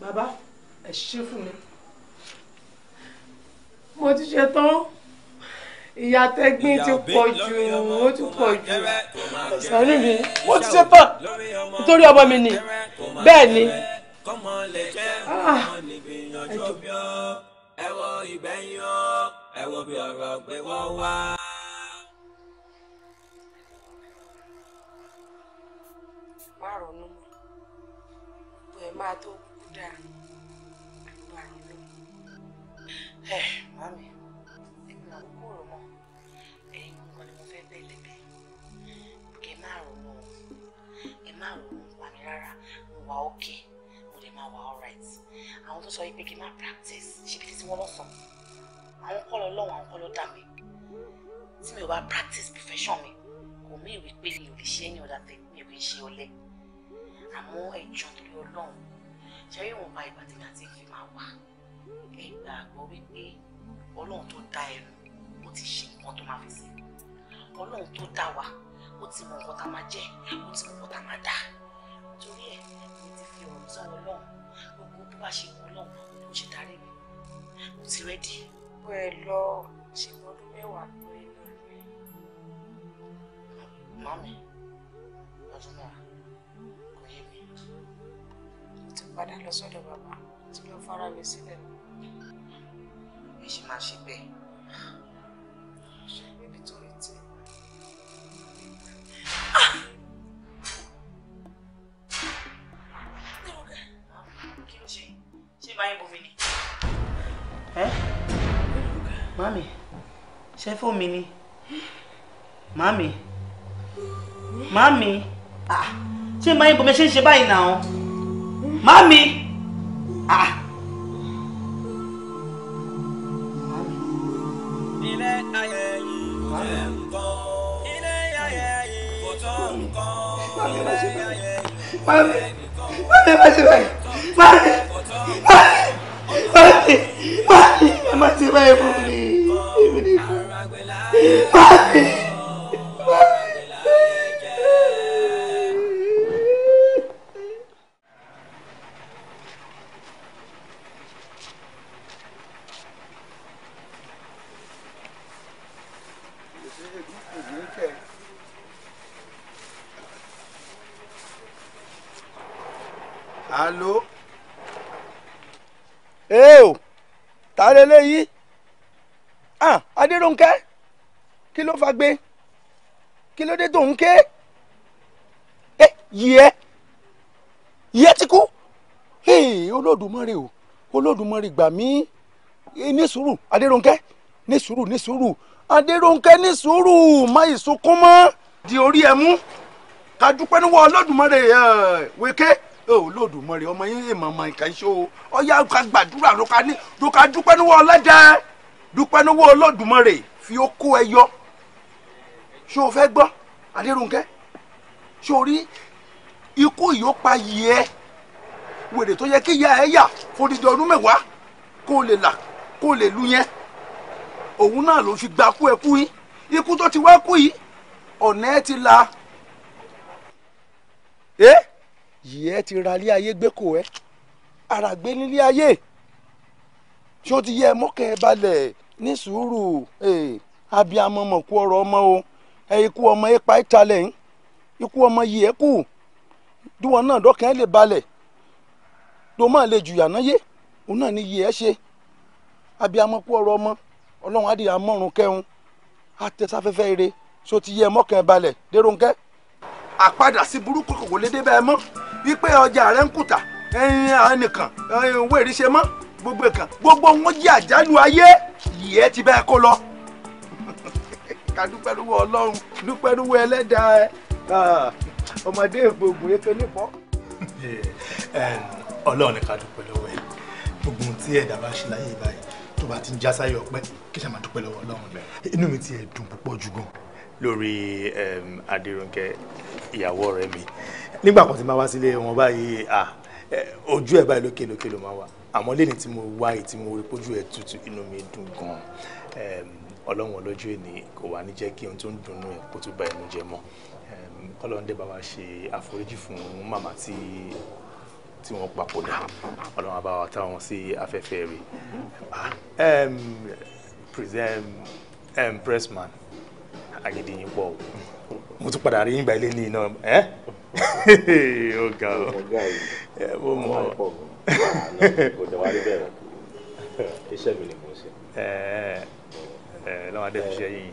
bàbá ẹ ṣe fún mi mo ti ṣe tán ìyá tẹ́gbín ti pọ̀ jù ó ti pọ̀ jù ṣàánú mi mo ti ṣe tán nítorí ọmọ mi ni bẹ́ẹ̀ ni. kọ́mọ lè jẹ́ ah. ọmọ nìgbìyànjú bí ọ́ ẹ̀wọ̀ ọ́ wo bí ọ̀rọ̀ gbé wọ́n wá. má ronú mọ́ gbogbo ẹ̀ máa tó kú dáa àgbà ronú. ẹ mami èmi ò kú rò mọ́ ẹ̀yin nǹkan ni mo fẹ́ bẹ́ẹ̀ lẹ́bẹ̀ẹ́ kẹ má ronú ẹ má ronú alright àwọn tó sọ yìí pé kí n má practice ṣe bí tí wọ́n lọ àwọn kọ́ lọ lọ́wọ́ àwọn kọ́ lọ dà mí tí mi ò bá practice profession mi kò mí ìwé pé mi ò lè ṣe any other thing mi ò lè ṣe ọ̀lẹ àmọ́ ẹ̀jọ̀ torí ọlọ́run ṣe rí ìwọ̀nba ìgbà tí mi àti ìfi máa wà ẹ gbàgbọ́ wípé ọlọ́run tó dá ẹnu ó ti ṣe nǹkan tó máa fi sí ọlọ́run tó dá wa ó ti mọ nǹkan tá a máa jẹ ó ti mọ nǹkan tá a máa dá torí ẹ mi ti fi ọ̀rọ̀ sọ̀rọ̀ ọlọ́run gbogbo bó bá ṣe wọ ọlọ́run ló ṣe darí mi mo ti rẹ́dí gbogbo ẹ̀ lọ ṣègbọ́n ọdún mẹ́wàá péré náà rí. mami ọdún náà kò yé mi. mo ti padà lọ sọ́dọ̀ bàbá tí lọ fara mi sílẹ̀. ẹ ṣì máa ṣe bẹ́ẹ̀. ṣe ibi tó rí tí. Mami, ṣé fún mi ni? Mami, Mami, ah, ṣé máa ń bomi ṣe ń ṣe báyìí náà? Mami, ah. Mami, mami, mami, mami, mami, mami, Ilé ayé yìí kò tọ́ nǹkan. Ilé ayé yìí kò jẹ́ nǹkan. Mami, má ṣe báyìí. Mami, Mami, Mami, Mami, ẹ má ṣe báyìí fún mi nìkan mami Hey. Alo. Eo, ta leleyi? ah adéròǹkẹ́ kí ló fa gbé kí ló dé tó ń ké ẹ yìí yìí ti kú olódùmarè o olódùmarè gbà mí ní sùúrù adéròǹkẹ́ ní sùúrù ní sùúrù adéròǹkẹ́ ní sùúrù má ìsunkún mọ́ di orí ẹ mú ká dúpẹ́ níwọ̀ olódùmarè wéké olódùmarè ọmọ yín èèmọ̀ mọ̀ ìkànṣó ọ̀yá ká gbàdúrà ló ká dúpẹ́ níwọ̀ ọlọ́dẹ dúpẹ́ lọ́wọ́ Olódùmarè fi ó kó ẹ yọ ṣé o fẹ́ gbọ́ Adérúnkẹ́ ṣé o rí ikú ìyópa yìí ẹ wèrè tó yẹ kí ìyá ẹ yà fòdìdì ọdún mẹ́wàá kó o lè là kó o lè lu yẹn òun náà ló fi gba kú ẹ kú yín ikú tó ti wá kú yìí ọ̀nà ẹ ti la ẹ yìí ẹ ti ra ilé ayé gbé kò ẹ àràgbé nílé ayé tí ó ti yẹ mọ́kẹ́ balẹ̀ ní sùúrù eh, abiyamọ mọ̀ kú ọmọ o ikú ọmọ ipa ìtalẹ̀ yín ikú ọmọ yìí ẹ̀ kù díwọ̀n náà dọ́kàn ẹ̀ lè balẹ̀ tó máa lè jùyà náà yé òun náà ní yìí ẹ̀ ṣe abiyamọ kú ọ̀rọ̀ ọmọ ọlọ́run adìyà mọ́rùn kẹ́hún àtẹ̀sáfẹ́fẹ́ ire so ti yẹ mọ́kàn ẹ̀ balẹ̀ dérúnkẹ́. àpadà sí burúkú kò lè bẹ́ẹ̀ mọ́ wípé ọjà rẹ̀ ń kùtà ẹ̀yìn àánìkàn ẹ̀yìn òwe ìríṣẹ́ mọ́ gbogbo ìkàn gbogbo wọn jẹ́ àjálù ayé yìí ẹ ti bẹ́ẹ̀ kó lọ ká dúpẹ́ lọ́wọ́ ọlọ́run dúpẹ́ lọ́wọ́ ẹlẹ́dàá ẹ ọmọdé ìgbògùn ètò nípọ́. ọlọ́run ká dúpẹ́ lọ́wọ́ ẹ gbogbo tí ẹ̀dá bá ṣe láyé báyìí tó bá ti ń já sáyé kí ṣe máa dúpẹ́ lọ́wọ́ ọlọ́run rẹ inú mi ti ẹ̀ dùn púpọ̀ jù gan lórí adéròǹkẹ́ ìyàwó ọ̀rẹ́ mi nígbà kan tí máa wá sílé wọn báyìí ojú ẹ̀ báyìí lókè lókè ló máa wà àmọ́ lẹ́ni tí mo wá èyí tí mo rí pójú ẹ̀ tutù inú mi dùn gan ọlọ́run ọlọ́jọ́ èní kò wá ní jẹ́ kí ohun tó ń dunnú ẹ̀ kó tún ba ẹnu jẹ mọ́ ọlọ́run dé bá wa ṣe àforíjì fún màmá tí tí wọ́n papòdà ọlọ́run àbá wa táwọn sí afẹ́fẹ́ rẹ̀ pressman agídíyìn pọ̀ mo tún padà rí yín gba ilé ní iná ẹ́ ó ga ọ́ mo mọ̀ kò dẹ̀ wá rí bẹ́ẹ̀ rẹ̀ iṣẹ́ mi ni mo ṣe. ẹ ẹ lọ́wọ́ adé fi ṣe yìí.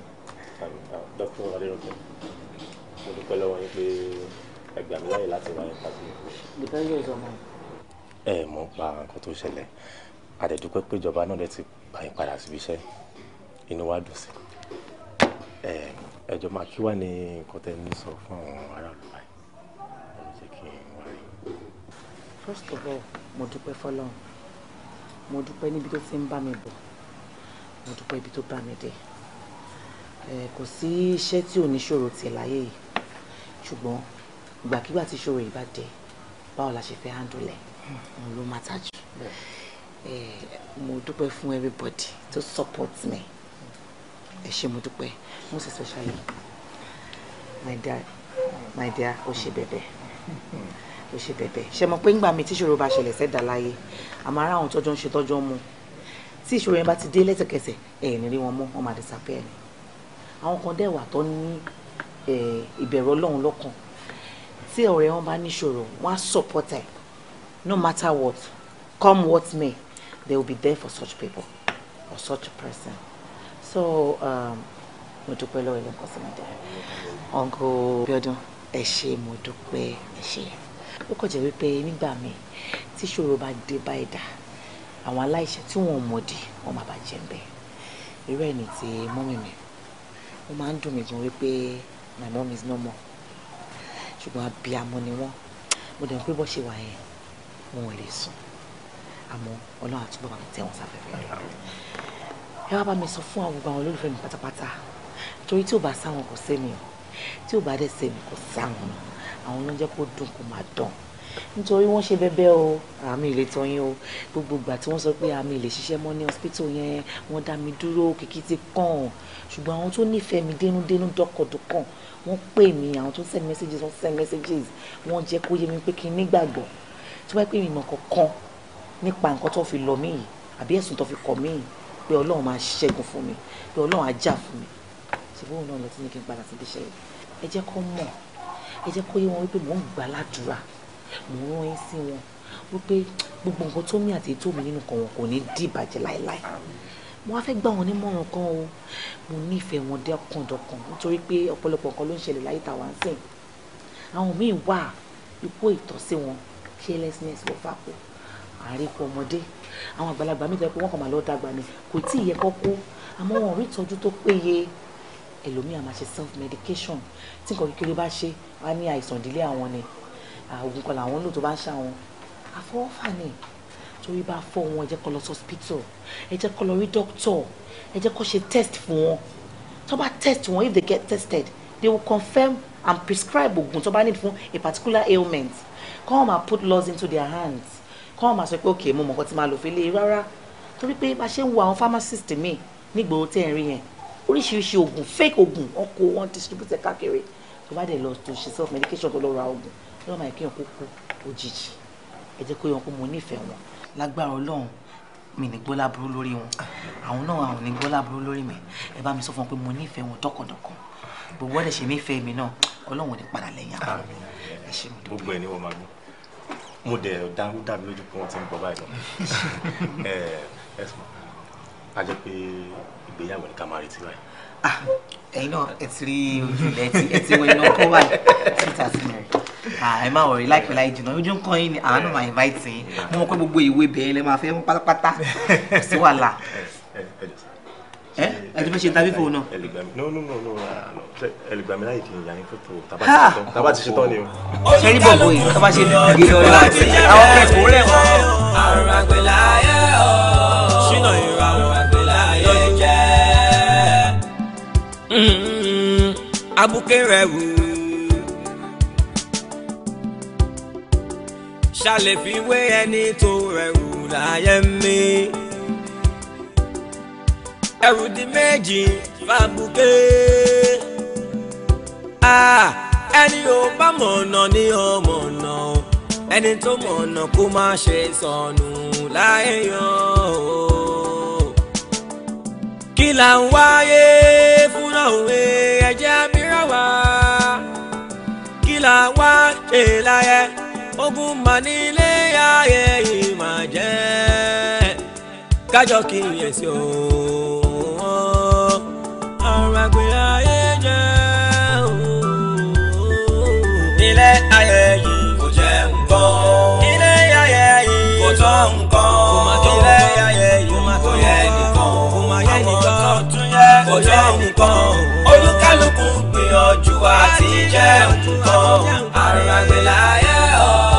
dókítà adéròkè mo dúpẹ́ lọ́wọ́ yín pé ẹgbẹ́ mi láyè láti wáyé pàtó. ẹ mọ̀ pa nǹkan tó ṣẹlẹ̀ àdẹ̀dúpẹ́ pé ìjọba náà dẹ̀ ti gbà yín padà síbi iṣẹ́ inú wa dùn sí i ẹjọ máa kí wà ní nǹkan tẹ́ ní sọ fún àwọn aráàlú. first of all mo dúpẹ́ fọlọ́run mo dúpẹ́ níbi tó ti ń bá mi bọ̀ mo dúpẹ́ ibi tó bá mi dé kò sí iṣẹ́ tí ò ní ṣòro tiẹ̀ láyé yìí ṣùgbọ́n ìgbàkigbà tí ṣòro yìí bá dé báwo la ṣe fẹ́ handle òun ló máa tà jù mo dúpẹ́ fún everybody tó support me ẹ ṣé mo dúpẹ́ mo sì especially my dad my dear ó ṣe bẹ̀bẹ̀ ló ṣe bẹ̀bẹ̀ ṣe mọ̀ pé ńgbà mi tíṣòro bá ṣẹlẹ̀ sẹ́dá láyé àmọ́ ara àwọn tọ́jọ́ ń ṣe tọ́jọ́ mu tí ìṣòro yẹn bá ti dé lẹ́sẹ̀kẹsẹ̀ ẹ̀yìn rí wọn mọ́ wọn máa disappear ni àwọn kan dẹ̀ wà tó ní ìbẹ̀rù ọlọ́run lọ́kàn tí ọ̀rẹ́ wọn bá níṣòro wọn á support ẹ̀ no matter what come what may they will be there for such people or such person so um, mo dúpẹ́ lọ́wọ́ ilé ọkọ̀ sí mi dẹ̀ ọ̀gọ́ bíọ́dún ẹ ṣé mo dúpẹ́ ẹ ṣé ó kàn jẹ́ wípé nígbà míì tí ìṣòro bá dé bá ẹ̀dá àwọn aláìṣẹ̀ tí wọn ò mọ̀dí wọn máa bàjẹ́ ń bẹ̀ irú ẹ̀ ní ti mọ́mì mi ó máa ń dùn mí gan wípé my mom is no more ṣùgbọ́n abiyamọ ni wọ́n mo dẹ̀ mọ̀ pé bó ṣe wà yẹn wọn ò lè sùn àmọ́ ọlọ́run àtúbọ̀ máa tẹ̀ wọ́n sáfẹ́fẹ́ ẹ wá bá mi sọ fún àwọn gbogbo àwọn olólùfẹ́ mi pátápátá torí tí ò bá sáwọn kò sẹ́mi o tí ò bá dẹ̀ sẹ́mi kò sáwọn àwọn ló ń jẹ́ kó dùn kó máa dán nítorí wọ́n ṣe bẹ́bẹ́ o àmì ilé tán o gbogbo ìgbà tí wọ́n sọ pé àmì ilé ṣiṣẹ́ mọ́ ní hospital yẹn wọ́n dá mi dúró kìkì ti kàn án ṣùgbọ́n àwọn tó nífẹ̀ẹ́ mi dénúdénú dọ́kọ̀dọ́kàn wọ́n pè mí àwọn tó send messages wọ́n send messages wọ́n jẹ́ kó yé mi pé kí n nígbàgbọ́ tí wọ́n pè mí mọ̀ kankan nípa nǹkan tó fi lọ mí yìí àbí ẹ̀sùn tó fi kọ̀ mí yìí pé ọlọ́run máa ṣẹ́gun ẹ jẹ́ kó yé wọn wípé mò ń gbà ládùúrà mò ń rán yín sí wọn wípé gbogbo nǹkan tó mí àti ètò mi nínú kan wọn kò ní di ìbàjẹ́ láéláé mo wá fẹ́ gbà wọn nímọ̀ràn kan o mo nífẹ̀ẹ́ wọn dẹ́kùndọ̀kùn nítorí pé ọ̀pọ̀lọpọ̀ nǹkan ló ń ṣẹlẹ̀ láyé tàwa ń sìn àwọn míì wà ikú ìtọ́sí wọn carelessness wọ́n fà kó àárín ikú ọmọdé àwọn àgbàlagbà mi tẹ́ pé wọ́n kàn máa lọ́ọ́ dàgbà ni kò tí ì yẹ kọ́ àmọ́ wọn ò rí ìtọ́jú tó péye ẹlòmíì á máa ṣe self medication tí nǹkan kékeré bá ṣe á ní àìsàn ìdílé àwọn ni oògùn kan làwọn lò tó bá ń ṣá wọn àfọwọ́fà ni torí bá fọ́ wọn ẹ jẹ́ lọ hospital ẹ jẹ́ kó lọ rí doctor ẹ jẹ́ kó ṣe test fún wọn tó bá test wọn if they get tested they will confirm and prescribe oògùn tó bá need fún a particular ailment kọ́ wọn máa put laws into their hands kọ́ wọn máa sọ pé ok mo mọ̀ nǹkan tí máa lò fi lè rárá torí pé bá ṣe ń wo àwọn pharmacist mi nígboro tẹ́ ẹ̀ yẹn oríṣiríṣi oògùn fake oògùn wọn kó wọn distribute káàkiri tó bá dẹ̀ lọ tó ṣe self medication tó lọ ra oògùn lọ́wọ́ máa kí wọn kó kú òjijì ẹ jẹ́ kó yọ kó mo nífẹ̀ẹ́ wọn lágbára ọlọ́run mi ní gbọ́lá burú lórí wọn àwọn náà àwọn ní gbọ́lá burú lórí mi ẹ bá mi sọ fún wọn pé mo nífẹ̀ẹ́ wọn dọ́kàndọ́kàn gbogbo ọ̀dẹ̀ ṣe nífẹ̀ẹ́ mi náà ọlọ́run ò ní padà lẹ́yìn àpò ẹ ṣe mi dúpẹ́. gbogbo ẹ ní wọn máa gbọ́ mo dẹ̀ dáhùn dàbí lójú pé wọ́n ti ń gbọ́ báyìí lọ ẹ ẹ sọ ìgbéyàwó ní ká máa retí báyìí. Ah, ẹ̀yin náà ẹ ti rí ojúlẹ̀ tí ẹ ti wọ iná kó wà títà sí mi ah, ẹ má wọrí láìpẹ́ láì jìnnà ojú nǹkan yín ni àánú máa invite yín mo mọ̀ pé gbogbo ìwé bẹ́ẹ̀ lẹ́ máa fẹ́ mú pátápátá sí wàhálà. ẹ ti fẹ́ ṣe tàbí fóònù náà. no no no no ẹ lè gbà mí láì di ìyá yín fótó tábà ti ah! ṣe tán ni o. sẹ́rí bọ̀bọ̀ yìí tábà ṣe gbé lọ́wọ́ àti àwọn kẹ̀kọ́ rẹ̀ wọ́n. àrùn àgbẹ̀láyé ọ̀ ṣínà ìràwọ̀ àgbẹ̀láyé. Mm-hmm. abuké rẹ wù. ṣàlè fi wé ẹni tó rẹ wù láyé mi. ẹrù di méjì fàbùké. Ah, ẹni ò bá mọ̀nà ní ọmọ náà ẹni tó mọ̀nà kó má ṣe sọnù láyé yọ kí là ń wáyé fún òwe ẹ̀jẹ̀ mìíràn wá kí là ń wá èèláyẹ ogun mà nílé ayé ìmàjẹ́ kájọ kíyèsí o ọ̀rọ̀ àgbẹ̀ ayé jẹ́. kan olúkálùkù gbìyànjú àti jẹun kan àrùn àgbẹ̀láyé ọ̀.